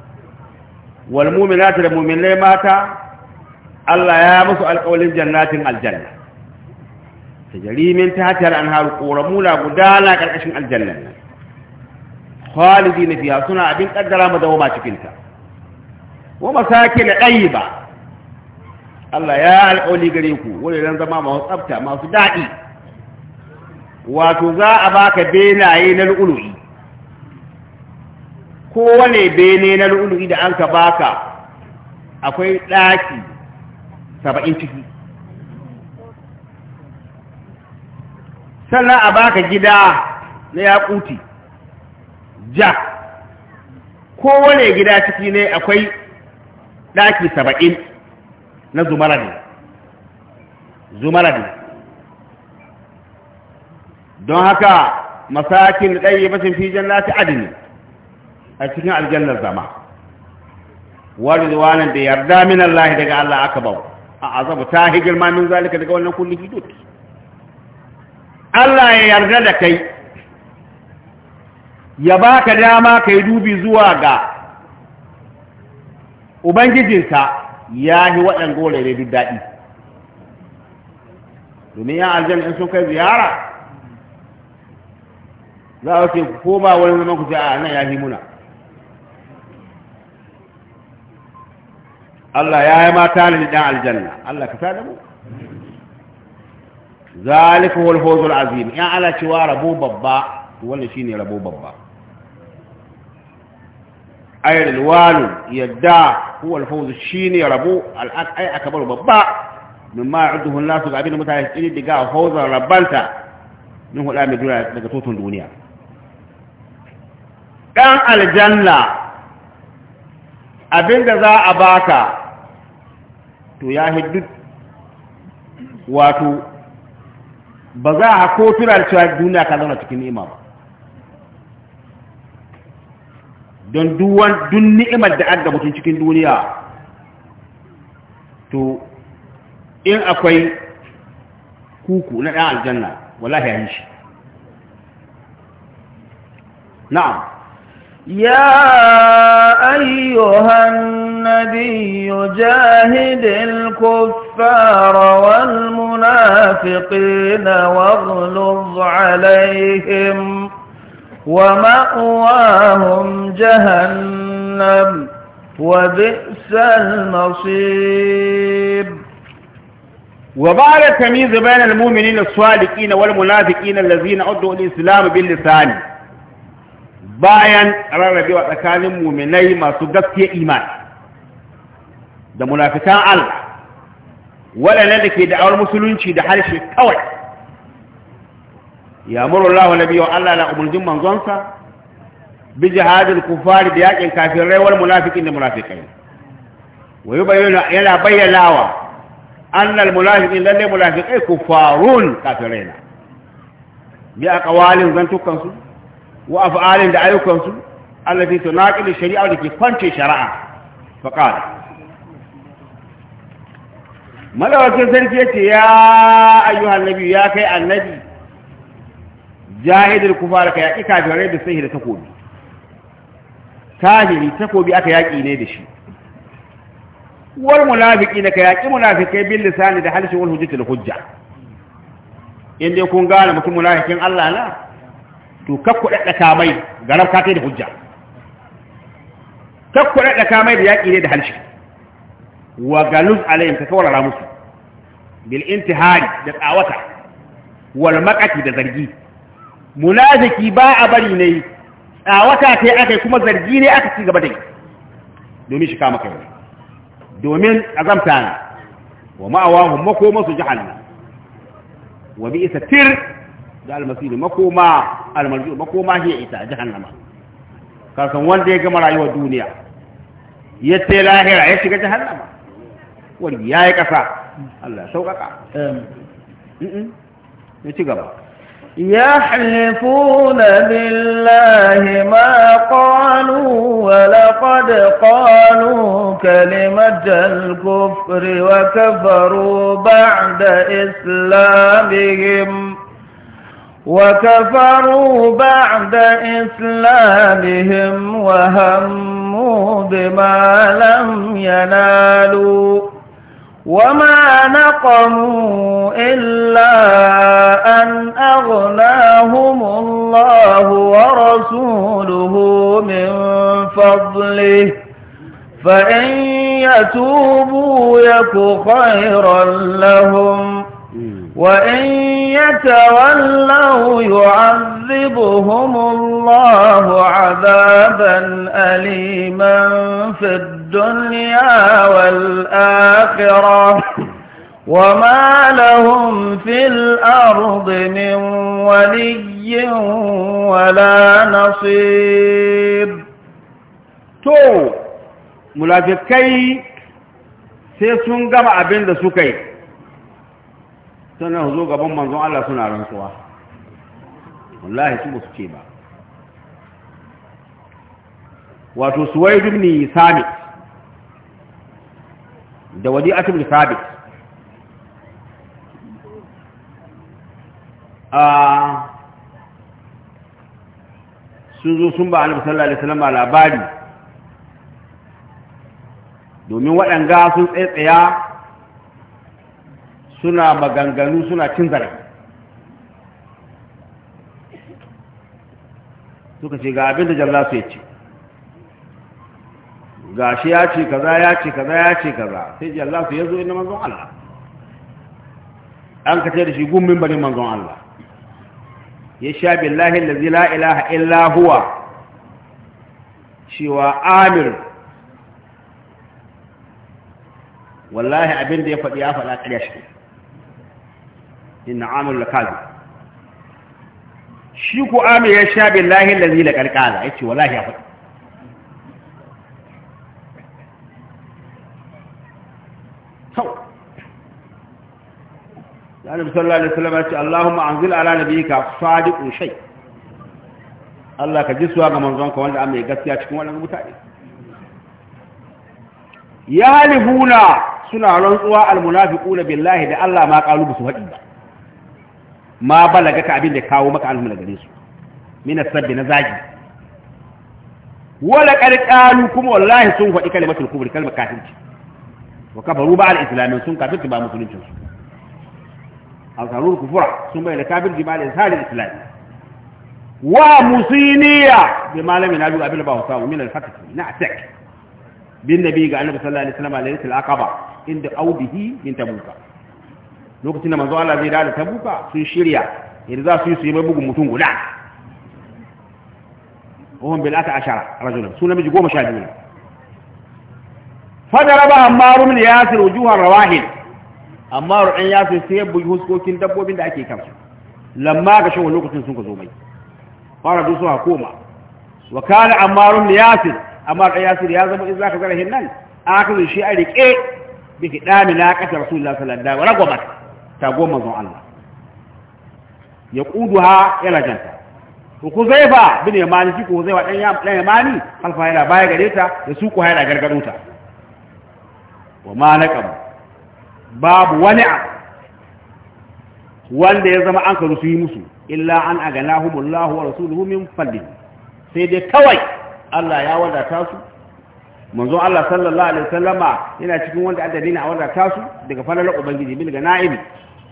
walmuminata da muminai mata Allah ya yi musu alƙawarin jannatin aljanna ta jarimin ta hatar an haru ƙoramuna gudana ƙarƙashin aljannan nan kwalidi na fiya suna abin ƙaddara ma dawo ba cikinta wa masake da ɗayi ba Allah ya alƙawari gare ku wani zama masu tsafta masu daɗi wato za a baka benaye na lu'ulu'i kowane bene na lu'ulu'i da an ka baka akwai ɗaki saba'in ciki sannan a baka gida na yakuti ja kowane gida ciki ne akwai ɗaki saba'in na zumaradi zumaradi don haka masakin ɗaya bashin fi jannati adini a cikin aljannar zama wani zuwanan da yarda min Allah daga Allah aka bau a azabu ta hi girma min zalika daga wannan kulli hidud Allah ya yarda da kai ya baka dama kai dubi zuwa ga ubangijinka ya yi waɗanda wurare duk daɗi domin ya aljanna in sun kai ziyara za a ce ko ba wani zaman ku ce a nan ya fi muna Allah ya yi mata ne dan aljanna Allah ka sa da mu zalika wal fawzul azim ya ala cewa rabo babba to wannan shine rabo babba ayar alwalu yadda huwa alfawz shine rabo al'aq ay akbar babba mimma ya'uduhu an-nasu ga abin mutane tsiri daga fawzan rabanta min hula mai duniya daga tutun duniya ɗan aljanna abinda za a baka to ya hiddu wato ba za a ko tura cewa duniya ka zama cikin ni'ima ba don duwan dun ni'imar da an mutum cikin duniya to in akwai kuku na ɗan aljanna wallahi ya yi shi na'am يا أيها النبي جاهد الكفار والمنافقين واغلظ عليهم ومأواهم جهنم وبئس المصير وبعد التمييز بين المؤمنين الصالحين والمنافقين الذين أدوا الإسلام باللسان bayan rarrabewa tsakanin muminai masu gaske iman da munafikan Allah waɗanda da ke da'awar musulunci da harshe kawai ya muru Allah nabi wa Allah na umarjin manzonsa bi jihadin kufari da yakin kafin raiwar munafikin da munafikai wa bayyana yana bayyanawa annal munafikin lalle munafikai kufarun kafin raina bi a kawalin zantukansu wa af'alin da ayyukansu allati tunaqilu shari'a da ke kwance shari'a faqal malawakin sarki yace ya ayyuhan nabi ya kai annabi jahidul kufar ka yaki kafirai da sahihi da takobi kafiri takobi aka yaki ne da shi wal munafiqina ka yaki munafikai bil lisani da halshi wal hujjatul hujja inda kun gane mutum munafikin Allah na to kakku daddaka mai garar ka da hujja kakku daddaka mai da yaƙi ne da halshi wa galuz alayhim ka kawarara musu bil intihari da tsawata wal maqati da zargi munafiki ba a bari ne tsawata sai aka kuma zargi ne aka ci gaba da domin shi kama kai domin azamta ne wa ma'awahum makomansu jahannam wa bi'sa tir da almasiru makoma almarju makoma hiya ita jahannama kasan wanda ya gama rayuwar duniya ya ce lahira ya shiga jahannama wani ya yi kasa Allah sauƙaƙa ya ci gaba يحلفون بالله ما قالوا ولقد قالوا كلمة الكفر وكفروا بعد إسلامهم وكفروا بعد إسلامهم وهموا بما لم ينالوا وما نقموا إلا أن أغناهم الله ورسوله من فضله فإن يتوبوا يك خيرا لهم وإن يتولوا يعذبهم الله عذابا أليما في الدنيا والآخرة وما لهم في الأرض من ولي ولا نصير تو ملاذكي كي سيسون gama abin da sannan zo gaban manzon Allah suna rantsuwa wallahi su ba su ce ba wato suwai dubni sabit da wadi atubni sabit a sun zo sun ba annabi sallallahu alaihi wasallam labari domin waɗanga sun tsaya suna maganganu suna cin zarafi suka ce ga abin da jalla su ya ce ga shi ya ce kaza ya ce kaza ya ce kaza sai jalla su ya zo inda manzon Allah an kace da shi gun bari manzon Allah ya sha billahi la ilaha illa huwa cewa amir wallahi abin da ya faɗi ya faɗa ƙarya shi inna amul lakazi shi ku amir ya sha billahi allazi la kalkala yace wallahi ya faɗi sau da annabi sallallahu alaihi wasallam yace allahumma anzil ala nabiyika sadiqu shay Allah ka jisuwa ga manzonka wanda amma ya gaskiya cikin wannan mutane ya halifuna suna rantsuwa almunafiquna billahi da Allah ma qalu su haɗi ba ma balaga ka abin da kawo maka alhum daga su min sabbi na zagi wala qarqalu kuma wallahi sun faɗi kalimatul kufr kalmar kafirci wa kafaru ba al-islam sun kafirci ba musuluncin su al-karur kufra sun bayyana da kafirci ba al-ishar al-islam wa musiniya bi malami na biyu abin da ba hausa min al-fath na atak bin nabi ga annabi sallallahu alaihi wasallam alayhi al-aqaba inda audihi min tabuka lokacin da manzo Allah zai da ta buka sun shirya yadda za su yi su yi bugun mutum guda wahum bil ata ashara rajulan su namiji goma sha biyu fadaraba ammaru min yasir wujuhar rawahil ammaru an yasir sai bugi huskokin dabbobin da ake kansu lamma ga shawar lokacin sun ka zo mai fara dusu ha koma wa kana ammaru min yasir ammar an yasir ya zama in zaka zarahin nan aka shi a rike bi kidami na kasar rasulullahi sallallahu alaihi wasallam wa ragwabat goma manzon Allah ya kuduha yana janta to ku zai ba bin yamani shi ko zai wa dan alfa yana baya gare ta da su ku yana gargado ta wa ma babu wani wanda ya zama an karu su yi musu illa an aganahumullahu wa rasuluhu min fadli sai dai kawai Allah ya wadata su manzo Allah sallallahu alaihi wasallama yana cikin wanda addini a wadata su daga falalar ubangiji daga ganaimi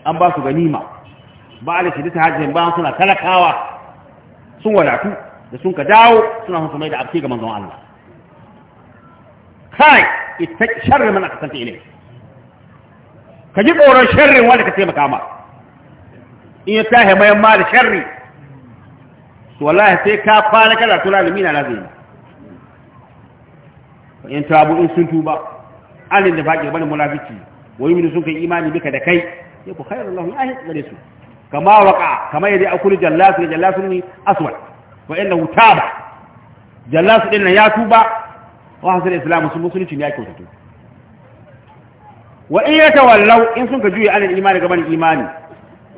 an ba su ganima ba da shi ta hajjin bayan suna talakawa sun wadatu da sun ka dawo suna sun mai da abke ga manzon Allah kai ita sharri mana ka santa ile ka ji tsoron sharrin wanda ka taimaka ma in ya tahe mayan ma da sharri to wallahi sai ka kwana kana tuna limina na zai in tabu in sun tuba alin da faƙi bane mulafiki wani mini sun kai imani bika da kai ya ku khairu lahum ahid gare su kama waqa kama yadda akul jallasu ya jallasu ni aswad wa innahu taba jallasu din ya tuba wa hasil islam sun musulunci ne yake wato wa in yatawallaw in sun ka juye alal imani gaban imani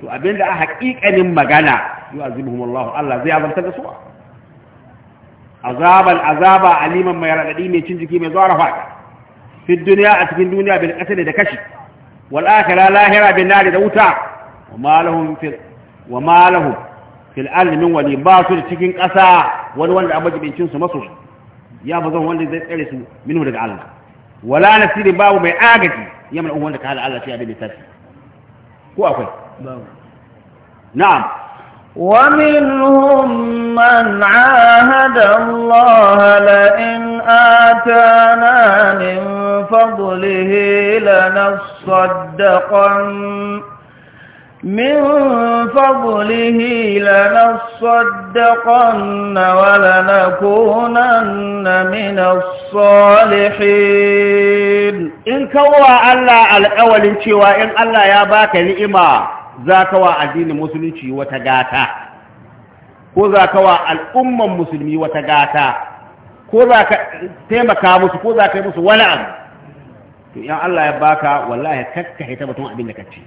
to abinda a haƙiƙanin magana yu'azibuhum Allah Allah zai azabta da su azaban azaba aliman mai radadi mai cin jiki mai zuwa rafa fi duniya a cikin duniya bil da kashi wal akhirah lahira bin da wuta wa malahum fil wa malahum fil ardi min ba su cikin ƙasa wani wanda a majibincin su masu ya bazan wanda zai tsare su minhu daga Allah wala nasiri babu mai agaji ya mun wanda ka hada Allah na'am ومنهم من عاهد الله لئن آتانا من فضله لنصدقن من فضله لنصدقن ولنكونن من الصالحين إن كوا الله الأول شوى إن الله يا باك لإما ذاك الدين المسلمي وتقاتا ko za ka wa al'umman musulmi wata gata ko za ka taimaka musu ko za ka yi musu wani abu to in Allah ya baka wallahi kakka hita batun abin da kace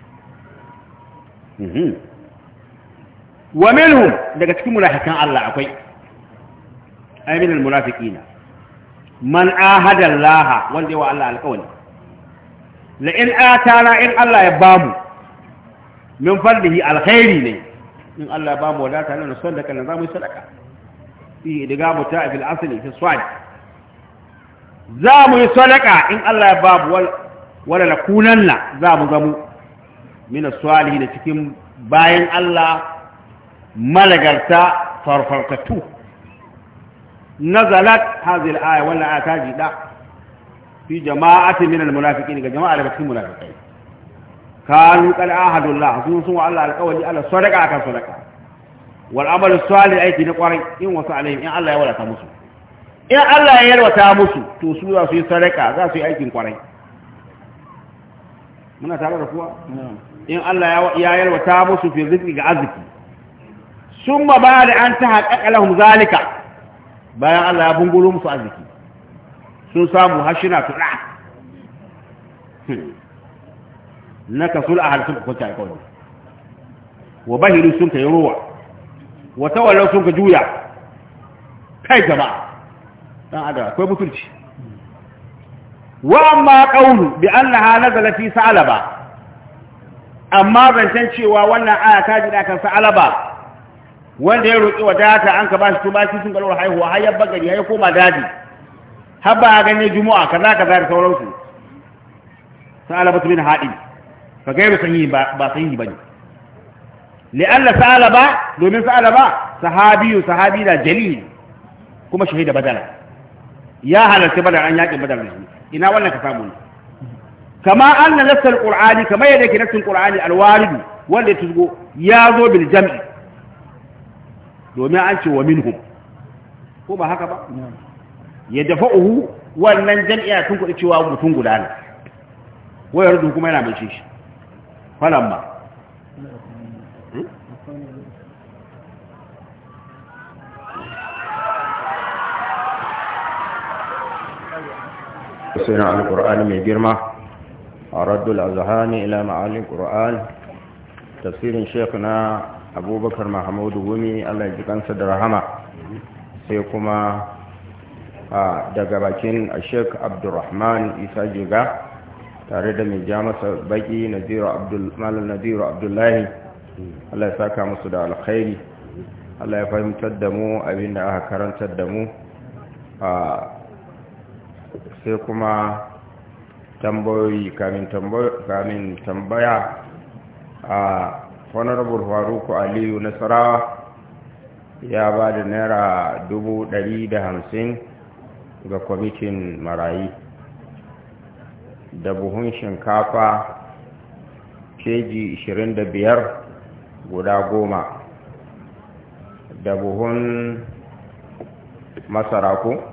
mhm. wa minhum daga cikin munafikan Allah akwai ay min almunafiqina man ahada Allah wanda yawa Allah alƙawari la in atana in Allah ya bamu min fadlihi alkhairi ne in Allah ya bamu wadata na son da kana zamu sadaka fi idgamu ta fil asli fi swadi za mu yi sadaka in Allah ya babu wala lakunanna za mu gamu min salihi da cikin bayan Allah malagarta farfarkatu nazalat hadhihi al-aya ta ataji da fi jama'ati min al-munafiqin ga jama'a da cikin munafiqai kanu qad ahadullah sun sun wa Allah alqawli ala sadaqa ka sadaqa wal amalu salih aiki na kwarai in wasu alaihim in Allah ya wadata musu in Allah ya yarwata musu to su za su yi sadaka za su yi aikin kwarai muna tare da kuwa in Allah ya yarwata musu fi rizqi ga arziki sun ba da an ta haƙaƙa lahum zalika bayan Allah ya bungulo musu arziki sun samu hashina tuɗa hmm. na kasul a harsun ka kwanta kawai wa bahiru sun ka yi ruwa wa tawallau sun ka juya kai jama'a dan adam akwai mutunci wa amma qawlu bi annaha nazala fi salaba amma zancen cewa wannan aya ta jira kan salaba wanda ya roki data an ka bashi tubaci sun garo haihuwa har ya bagari har ya koma dadi har ba ganin juma'a kaza kaza da sauransu tu min hadi fa gairu sanyi ba ba sanyi bane li'anna salaba domin salaba sahabiyu sahabi da jalil kuma shahida badala ya halarci badar an yaƙin badar ne ina wannan ka samu ne kama an na nassar qur'ani kama yadda ke nassar qur'ani alwaridu wanda ya tusgo ya zo bil jam'i domin an ce wa minhum ko ba haka ba ya dafa uhu wannan jam'iya tun kuɗi cewa mutum guda ne wayar kuma yana mai shi ba. tafsirin alkur'ani mai girma a raddul azhani ila ma'alin qur'an tafsirin shek na abubakar mahamudu gumi allah ya ji da rahama sai kuma daga bakin sheikh abdurrahman isa jiga tare da mai ja masa baki malam nadiru abdullahi allah ya saka musu da alkhairi allah ya fahimtar da mu abin da aka karantar da mu a sai kuma tambayoyi kamin tambaya a honorable faruku aliyu nasarawa ya ba da naira dubu ɗari da hamsin ga kwamitin marayi da buhun shinkafa keji 25 biyar guda goma da buhun masara ko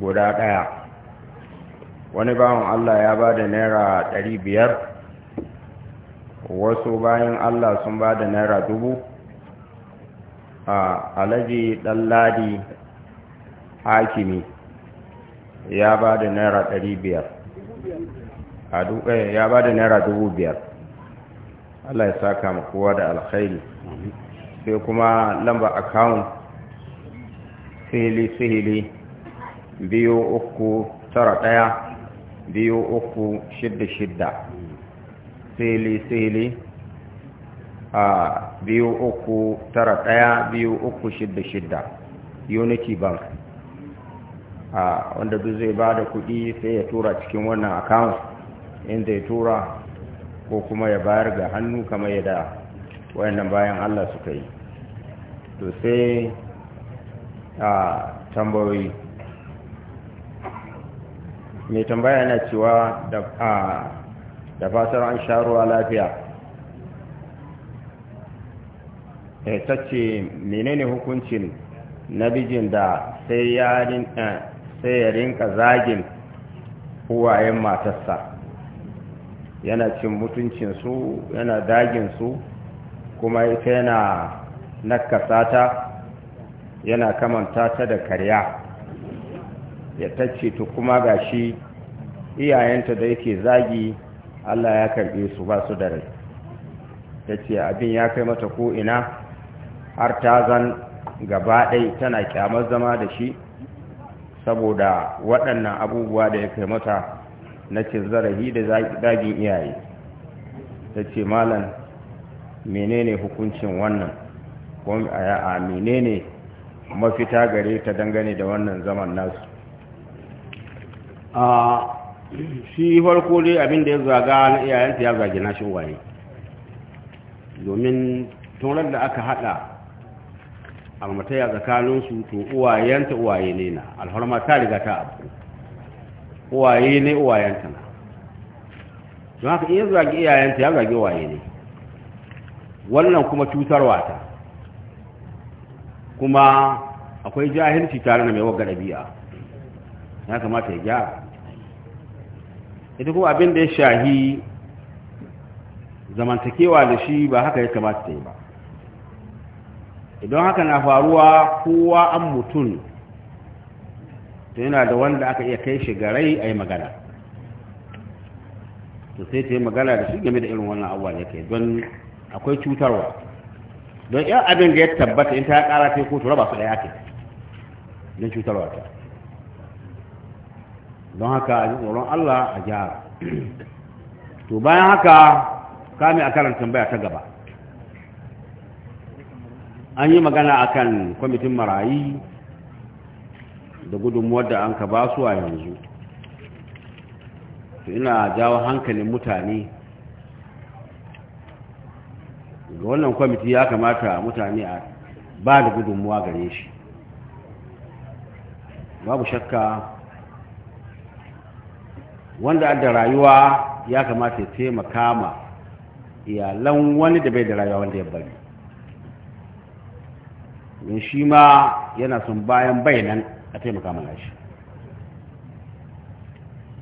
guda ɗaya wani bawan Allah ya ba da naira ɗari biyar wasu bayan Allah sun ba da naira dubu a alaji ɗalladi hakimi ya ba da naira ɗari biyar eh, ya ba da naira dubu biyar Allah ya saka kama kowa da alkhairi sai kuma lamba akawun sihili sihili biyu uku tara ɗaya biyu uku shidda shidda sili sili a biyu uku tara ɗaya biyu uku shidda shidda unity bank a wanda duk zai ba da kuɗi sai ya tura cikin wannan account inda ya tura ko kuma ya bayar ga hannu kamar yadda wayannan bayan Allah suka yi to sai a tambayoyi mai tambaya yana cewa da fasar an sha ruwa lafiya ya eh, ta ce menene hukuncin nabijin da eh, sai ya rinka zagin huwayen matarsa yana cin mutuncinsu yana daginsu kuma ita yana nakasata yana kamanta ta da karya ya tacce to kuma shi iyayenta da yake zagi Allah ya karbe su ba su da rai ta ce abin ya kai mata ko ina har ta zan gaba ɗai tana kyamar zama da shi saboda waɗannan abubuwa da ya kai mata na cin zarafi da zagin iyaye ta ce malam menene hukuncin wannan a menene mafita gare ta dangane da wannan zaman nasu a shi farko dai abin da ya zaga na iyayenta ya zage nashin waye domin tunar da aka hada almataya tsakaninsu to uwayenta uwaye ne na alhorma ta riga ta abu uwaye ne uwayenta na don haka iya zage iyayenta ya zage waye ne wannan kuma cutarwa ta kuma akwai jahilci tare da mai wagga ɗabi'a ya kamata ya gyara ita kuma abin da ya shahi zamantakewa da shi ba haka ya kamata ta yi ba idan haka na faruwa kowa an mutum to yana da wanda aka iya kai shi garai a yi magana ta sai ta yi magana da shi game da irin wannan abuwa ne kai don akwai cutarwa don yan abin da ya tabbata in ta ya kara ta yi kotu raba su ɗaya ake don cutarwa ta don haka a ji tsoron Allah a gyara to bayan haka kame a karin tambaya ta gaba an yi magana a kan kwamitin marayi da gudunmuwar da an ka ba su a yanzu to ina jawo hankalin mutane ga wannan kwamiti ya kamata mutane a ba da gudunmuwa gare shi babu shakka wanda ada rayuwa ya kamata ya taimaka ma iyalan wani da bai da rayuwa wanda ya bari don shi ma yana son bayan bayanan a taimaka mana shi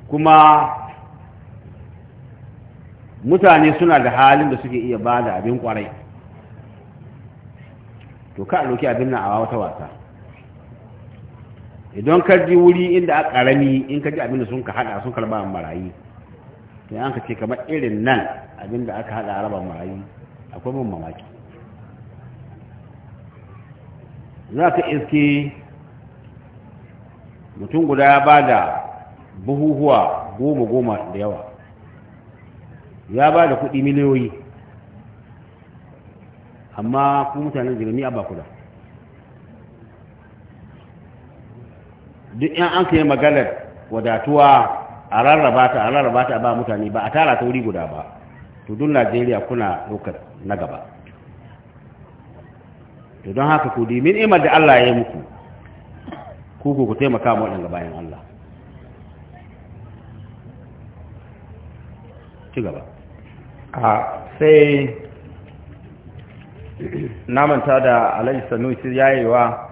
kuma mutane suna da halin da suke iya ba da abin kwarai to ka a abin na a wata wata idan ka ji wuri inda a ƙarami in ka ji abinda sun ka haɗa sun karɓa marayi sai an ka ce kamar irin nan abinda aka haɗa a raba marayi akwai mun mamaki za ka iske mutum guda ya ba da buhuhuwa goma goma da yawa ya ba da kuɗi miliyoyi amma ku mutanen jirgin a bakuda kuɗa duk yan an kai maganar wadatuwa a rarraba ta a rarraba ta ba mutane ba a tara ta wuri guda ba to duk Najeriya kuna ɗaukar na gaba to don haka ku dimin imar da Allah ya yi muku ku ku taimaka ma waɗanda bayan Allah ci gaba a sai namanta da alayi sanusi wa.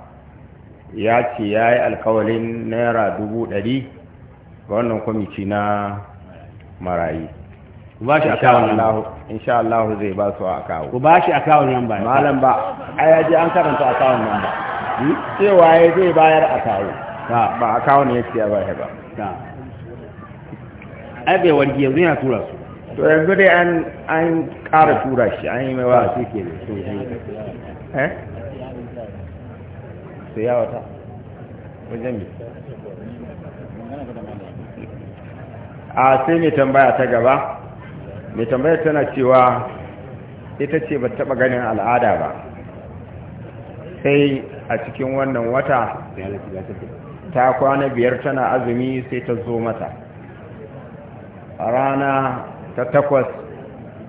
ya ce ya yi alkawalin naira dubu ɗari ga wannan kwamiti na marayi ku ba shi akawun nan insha Allah zai ba su akawun ku ba shi akawun nan ba malam ba ai ji an karanta akawun nan ba cewa ya zai bayar kawo ba akawun ya ce ya bayar ba ai bai wargi yanzu yana tura su to yanzu dai an ƙara tura shi an yi mai wa su ke da su ya wata wajen a sai mai tambaya ta gaba mai tambaya tana cewa ita ce ba taɓa ganin al'ada ba sai a cikin wannan wata ta kwana biyar tana azumi sai ta zo mata a rana ta takwas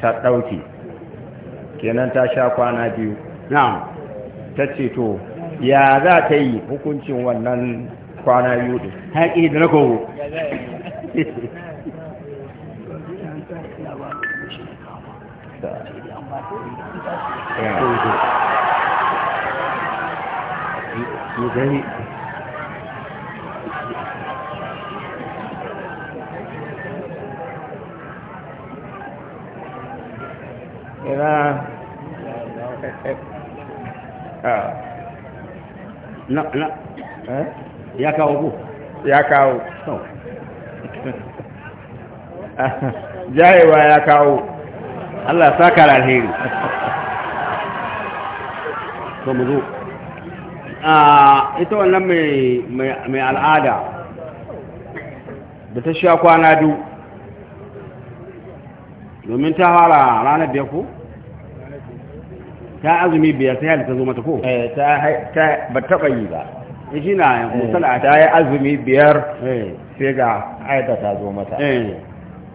ta ɗauki kenan ta sha kwana biyu na'am ta ce to ya za ta yi hukuncin wannan kwana biyu din haƙi da na kogo ina ah. na na eh? ya kawo ku ya kawo jayewa ya kawo Allah saka alheri to mu zo ah, ita wannan mai al'ada da ta sha kwana domin ta fara ranar ya ku ta azumi biyar sai hali ta zo mata ko eh ta ba taba yi ba eh, shi na musala eh, ta yi azumi biyar eh. sai ga aida ta zo mata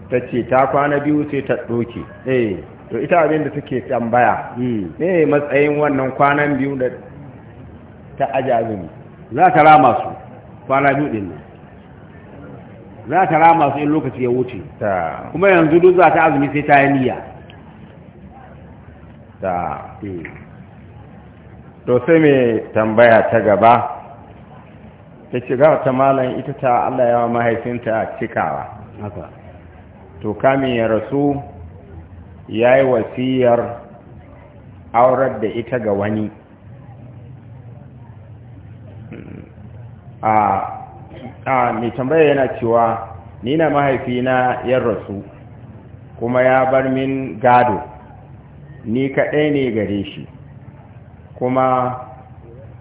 ta ce ta kwana biyu sai ta doke to ita abin da take tambaya ne hmm. matsayin wannan kwanan biyu da ta aji azumi za ta rama su kwana biyu din nan za ta rama su in lokaci ya wuce kuma yanzu duk za ta azumi sai ta yi niyya ta hmm. to sai mai tambaya ta gaba ta ce ga wata malam ita ta Allah yawa mahaifinta cikawa to kamin ya rasu ya yi wasiyar aurar da ita ga wani a mai tambaya yana cewa ni na mahaifina ya rasu kuma ya bar min gado ni kaɗai ne gare shi kuma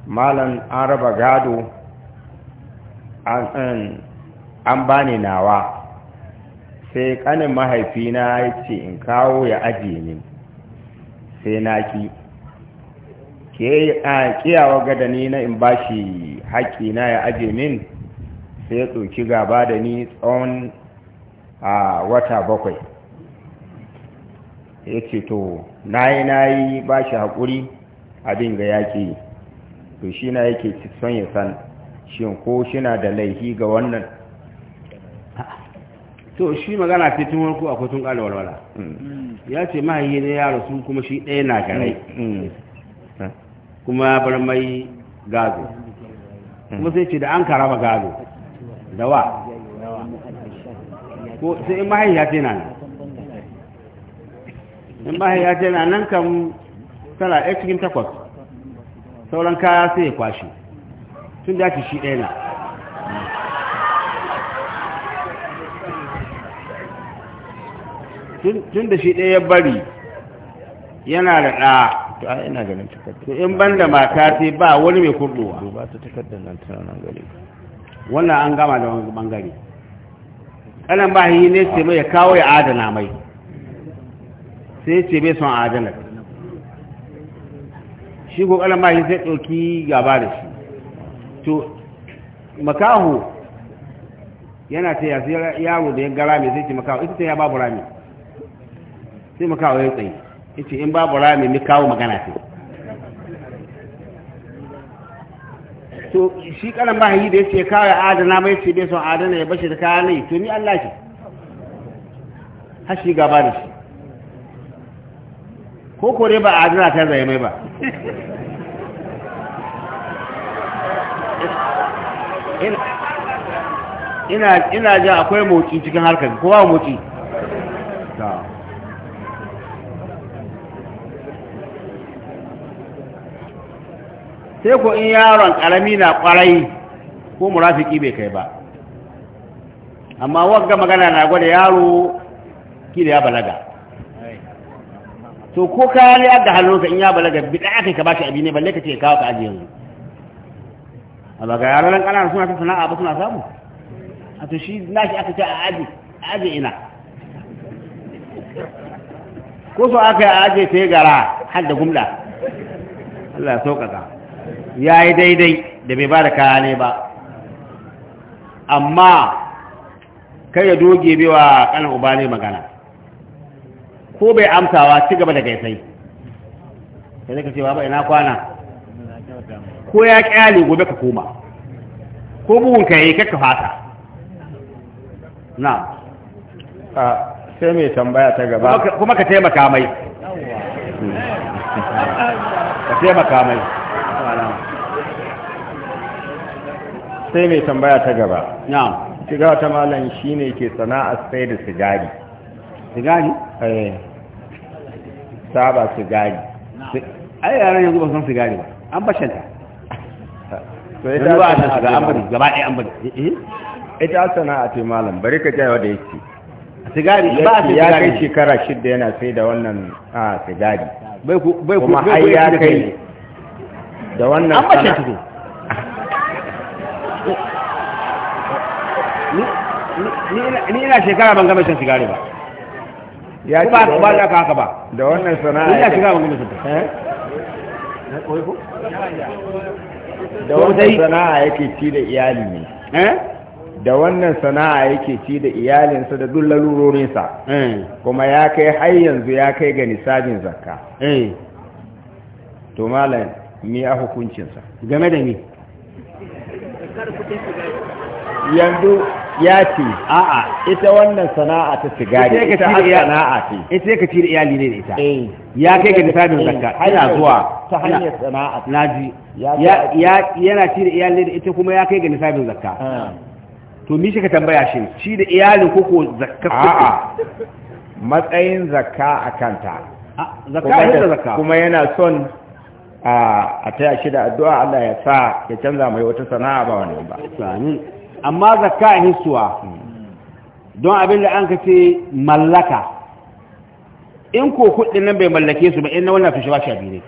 malam an raba gado an bani nawa sai ƙanin mahaifina ya ce in kawo ya ajiye ne sai na ki kiyawa gada ni na in bashi haƙi na ya ajiye min sai ya tsoki gaba da ni tsawon a wata bakwai ya ce to na yi na yi ba shi haƙuri abin ga yaƙi to shi na yake son ya san shi ko shi na da laihi ga wannan to shi magana fitin warko a tun ƙala walwala mm. ya ce mahayi na yaro sun kuma shi ɗaya na garai mm. mm. kuma bar mai gado kuma sai ce da an karama gado da wa ko sai in ya ce na nan in ya ce na nan kan tara ɗaya cikin takwas sauran kaya sai ya kwashe tun da shi ɗaya na tun da shi ɗaya ya bari yana da ɗa to a ina ganin takardar in ban da mata sai ba wani mai kurɗowa ba ta takardar nan tana nan gari wannan an gama da wani bangare ƙanan ba yi ne sai mai ya kawo ya adana mai sai ce bai son adalar shi ko kalama shi sai ɗauki gaba da shi to makahu yana ta yasu yaro da ya gara mai sai ce makahu ita ta ya babu rami sai makahu ya tsaye ya ce in babu rami mai kawo magana ce to shi kalan mahayi da ya ce kawai adana mai ce bai son adana ya bashi da kayanai to ni allah ce hashi gaba da shi ko ko ba a jira ta zai mai ba ina ina ji akwai moci cikin harkar kowa moci. sai ko in yaron karami na kwarai ko murafiki bai kai ba amma wagga magana na gwada yaro da ya balaga to ko yi ne ga hannunsa in ya balaga bida aka yi ka bashi abi ne balle ka ce kawo ka aje yanzu Allah ga yaran nan kana suna ta sana'a ba suna samu a to shi nashi aka ce a aje a aje ina ko so aka yi a aje sai gara har da gumla Allah ya sauƙaƙa yayi daidai da bai ba da kaya ne ba amma kai ya doge bewa kanan uba ne magana ko bai amsawa ci gaba da gaisai sai zai ka cewa ba ina kwana ko ya kyale gobe ka koma ko bugun ka yi kakka fata na a sai mai tambaya ta gaba kuma ka taimaka mai ka taimaka mai sai mai tambaya ta gaba na shiga ta malam shine ke sana'a sai da sigari sigari? eh saba sigari ai yaran yanzu ba san sigari ba an to ita ba ta san an bari gaba ɗaya an bari eh, eh. Eh? ita sana'a ce malam bari ka jaya da yake sigari ba a sigari ya kai shekara shidda yana sai da wannan a sigari kuma ai ya kai da wannan an ta. ni ina shekara ban gama shan sigari ba ya ba da haka ba da wannan sana'a ya eh? yake ci da iyali ne eh? da wannan sana'a yake iyalinsa da duk lalurorinsa eh. kuma ya kai har yanzu ya kai ga nisabin zakka to malam ni a hukuncinsa game da ni yanzu ya ce a'a ita wannan sana'a ta sigari ita har sana'a ce ita ka cire iyali ne da ita eh. ya kai ga misalin zakka ina eh. zuwa ta hanyar sana'a naji ya yana cire iyali ne da ita kuma ya kai ga misalin zakka ah. to mi ka tambaya shi shi da iyali ko ko zakka a'a matsayin zakka a kanta ah, zakka zakka kuma yana son ah, a taya shi da addu'a Allah ya sa ya canza mai wata sana'a ba wani ba amma zakka a hisuwa don abin da an kace mallaka in ko kudin nan bai mallake su ba in na wannan su shi ba shi ne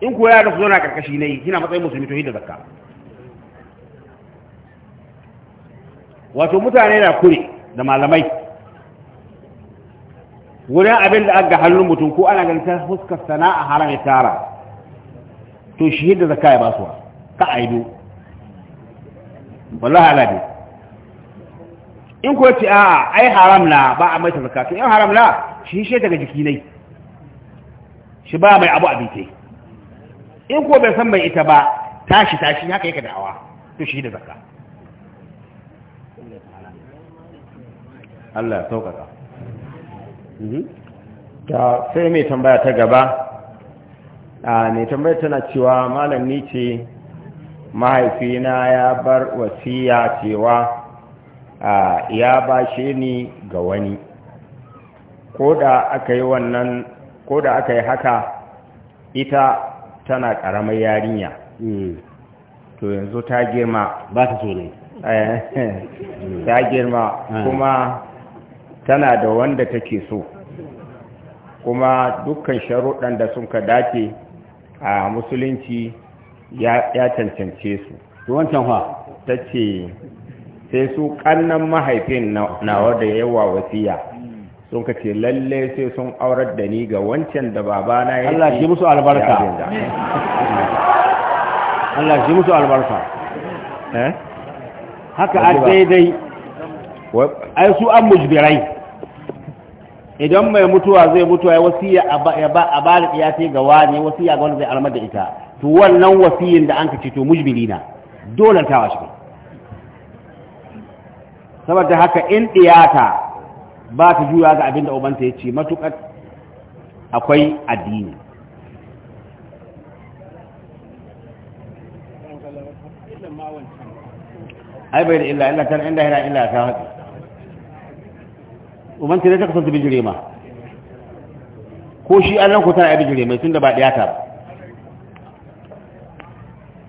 in ko ya da zo na karkashi ne kina matsayin musulmi to hidda zakka wato mutane na kure da malamai wurin abin da aga hannun mutum ko ana ganin ta fuskar sana'a haram ya tara to shi hidda zakka ya basuwa ka aido wallahi ala ne in ko ce a ai haram la ba a mai zakka in haram la shi she daga jiki ne shi ba mai abu ke in ko bai san mai ita ba tashi tashi haka yake da'awa to shi da zakka Allah ya saukaka mhm. ta sai mai tambaya ta gaba a ah, mai tambaya tana cewa malam ni ce mahaifina ya bar wasiya cewa ya bashe ni ga wani ko da aka yi wannan ko da aka yi haka ita tana ƙaramar yarinya hmm. to yanzu ta girma ba ta tsoro eh, ta girma hmm. kuma tana da wanda take so kuma dukkan sharuɗan da sun ka dace a musulunci ya cancance su to wancan fa ta ce sai su kannan mahaifin nawa da yawa wasiya sun ka ce lalle sai sun aurar da ni ga wancan da babana ya Allah shi musu albarka Allah shi musu albarka eh haka a daidai ai su an mujbirai idan mai mutuwa zai mutuwa ya wasiya a ba a ba da iyate ga wani wasiya ga wani zai almar da ita to wannan wasiyin da an ka ce na dole ta washe saboda haka in ɗiyata ba ta juya ga abin da ubanta ya ce matuƙar akwai addini ai bai da illa illa tana inda yana illa ta haɗe ubanta ne ta kasance bijire ma ko shi an ranku tana ya bijire mai sun da ba ɗiyata ba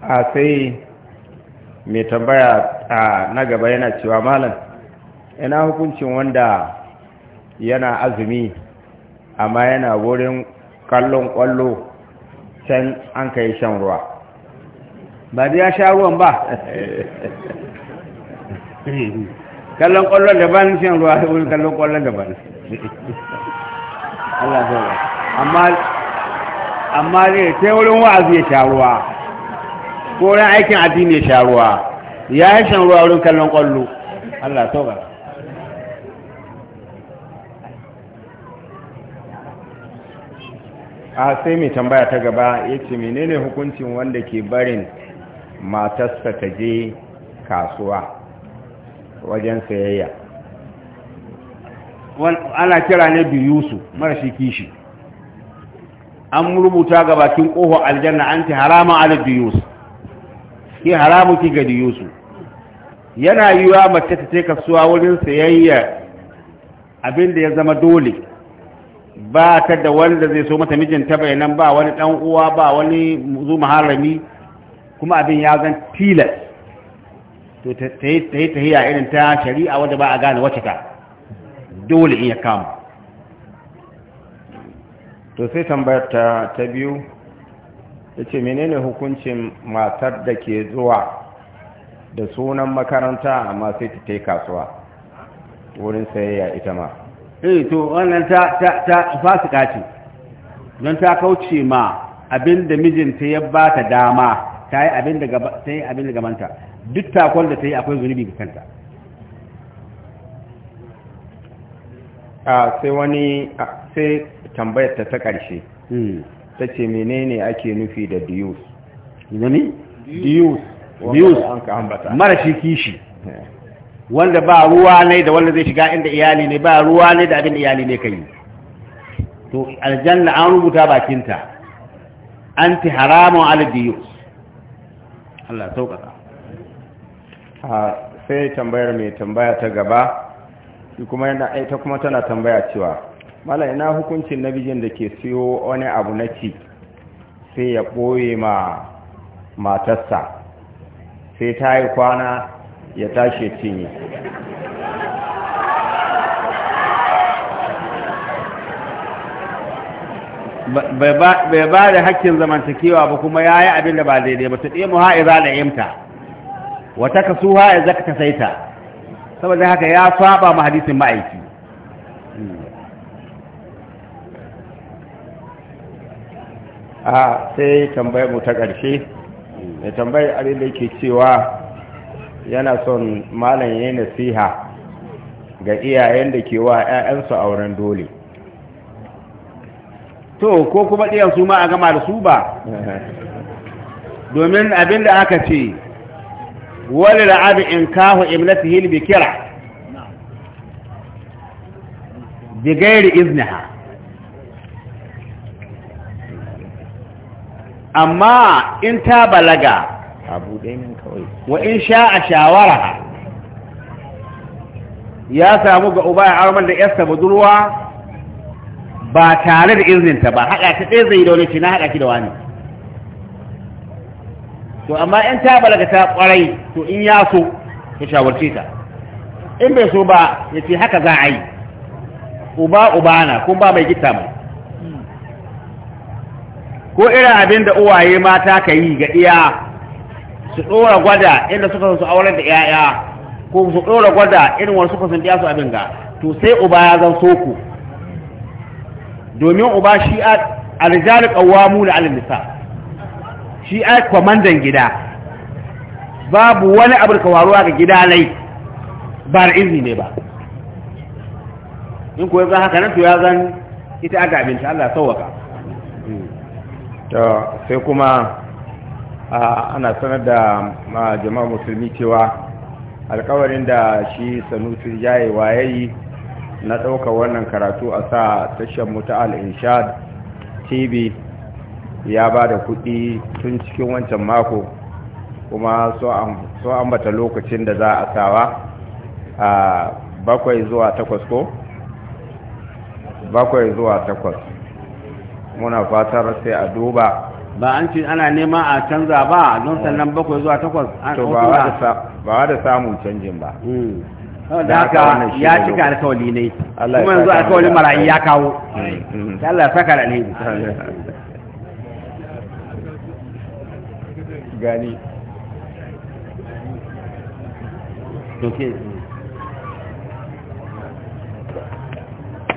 a sai mai tambaya a na gaba yana cewa malam yana hukuncin wanda yana azumi amma yana wurin kallon kwallo can an kai shan ruwa ba da ya sha ruwan ba kallon kwallon ni shan ruwa wurin kallon kwallon da ba ni amma amma zai sai wurin wa'azi ya sha ruwa ko aikin addini sha ruwa ya yi shan ruwa wurin kallon kwallo Allah sauka a sai mai tambaya ta gaba ya ce menene hukuncin wanda ke barin matarsa ta je kasuwa wajen sayayya ana kira ne biyusu marashi kishi an rubuta ga bakin ƙoho aljanna an ti harama ala biyusu ki haramu ki gadi yusu yana yiwa mace ta ce kasuwa wurin sayayya abin da ya zama dole ba ta da wanda zai so mata mijinta bayanan ba wani dan uwa ba wani zu maharami kuma abin ya zan tilas to ta yi tahiya irin ta shari'a wadda ba a gane wacce ta dole in ya kama to sai tambayar ta biyu ya ce menene hukuncin matar da ke zuwa da sunan makaranta amma sai ta ta kasuwa wurin sayayya ita ma eh to wannan ta ta ta fasika ce don ta kauce ma abin da mijinta ya ba ta dama ta yi abin da ta yi abin da gamanta duk takon da ta yi akwai zunubi ga kanta a sai wani sai tambayar ta ta ƙarshe hmm. ta ce menene ake nufi da diyus zami? diyus diyus mara shi kishi eh. wanda ba ruwa ne da wanda zai shiga inda iyali ne ba ruwa ne da abin iyali ne kai to aljanna an rubuta bakinta anti haramun ala diyus Allah sauƙaƙa sai tambayar mai tambaya ta gaba kuma yana ita kuma tana tambaya cewa mala ina hukuncin nabijin da ke siyo wani abu na ci sai ya ɓoye ma matarsa sai ta yi kwana ya tashi cinye bai ba da hakkin zamantakewa ba kuma ya yi abin da ba daidai ba ta ɗemu ha'iza da imta wata kasu ha'iza ka ta saita saboda haka ya saba ma hadisin ma'aiki a sai tambayar mu ta ƙarshe da tambayar abin da yake cewa yana son malam ya nasiha ga iyayen da ke wa 'ya'yansu auren dole to ko kuma ɗiyan su ma a gama da su ba domin abin da aka ce wani abin in kahu imnati hilbi kira bigairi izniha amma in ta balaga abu min kawai wa in sha a shawara ya samu ga uba ya arman da yasta budurwa ba tare da izininta ba haɗa ta ɗaya zai da wani ce na haɗa ki da wani to amma in ta balaga ta ƙwarai to in ya so ya shawarce ta in bai so ba ya ce haka za a yi uba uba na kun ba mai gita mai ko irin abin da uwaye mata ka yi ga iya su ɗora gwada inda suka su auren da 'ya'ya ko su ɗora gwada irin wani suka sun ɗiya su abin ga to sai uba ya zan soku domin uba shi a aljali ƙawamu na alimisa shi a kwamandan gida babu wani abin waruwa ga gida lai ba da izini ne ba in kuwa zan haka nan to ya zan ita aka abinci Allah sauwaka sai kuma ana sanar da jama'a musulmi cewa alkawarin da shi sanusi yayi wayayi na ɗaukar wannan karatu a sa tashar muta inshad tv ya ba da kuɗi tun cikin wancan mako kuma so ambata lokacin da za a sawa a bakwai zuwa takwas ko? bakwai zuwa takwas muna fatar sai a duba ba an ce ana nema a canza ba don sannan bakwai zuwa takwas to ba da samun canjin ba hmm. da haka ya cika alkawali ne kuma yanzu alkawali mara'i ya kawo Allah saka da ne gani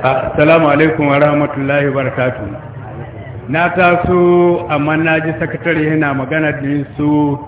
Assalamu alaikum wa rahmatullahi wa barakatuhu. na taso amma na ji sakatare yana magana da su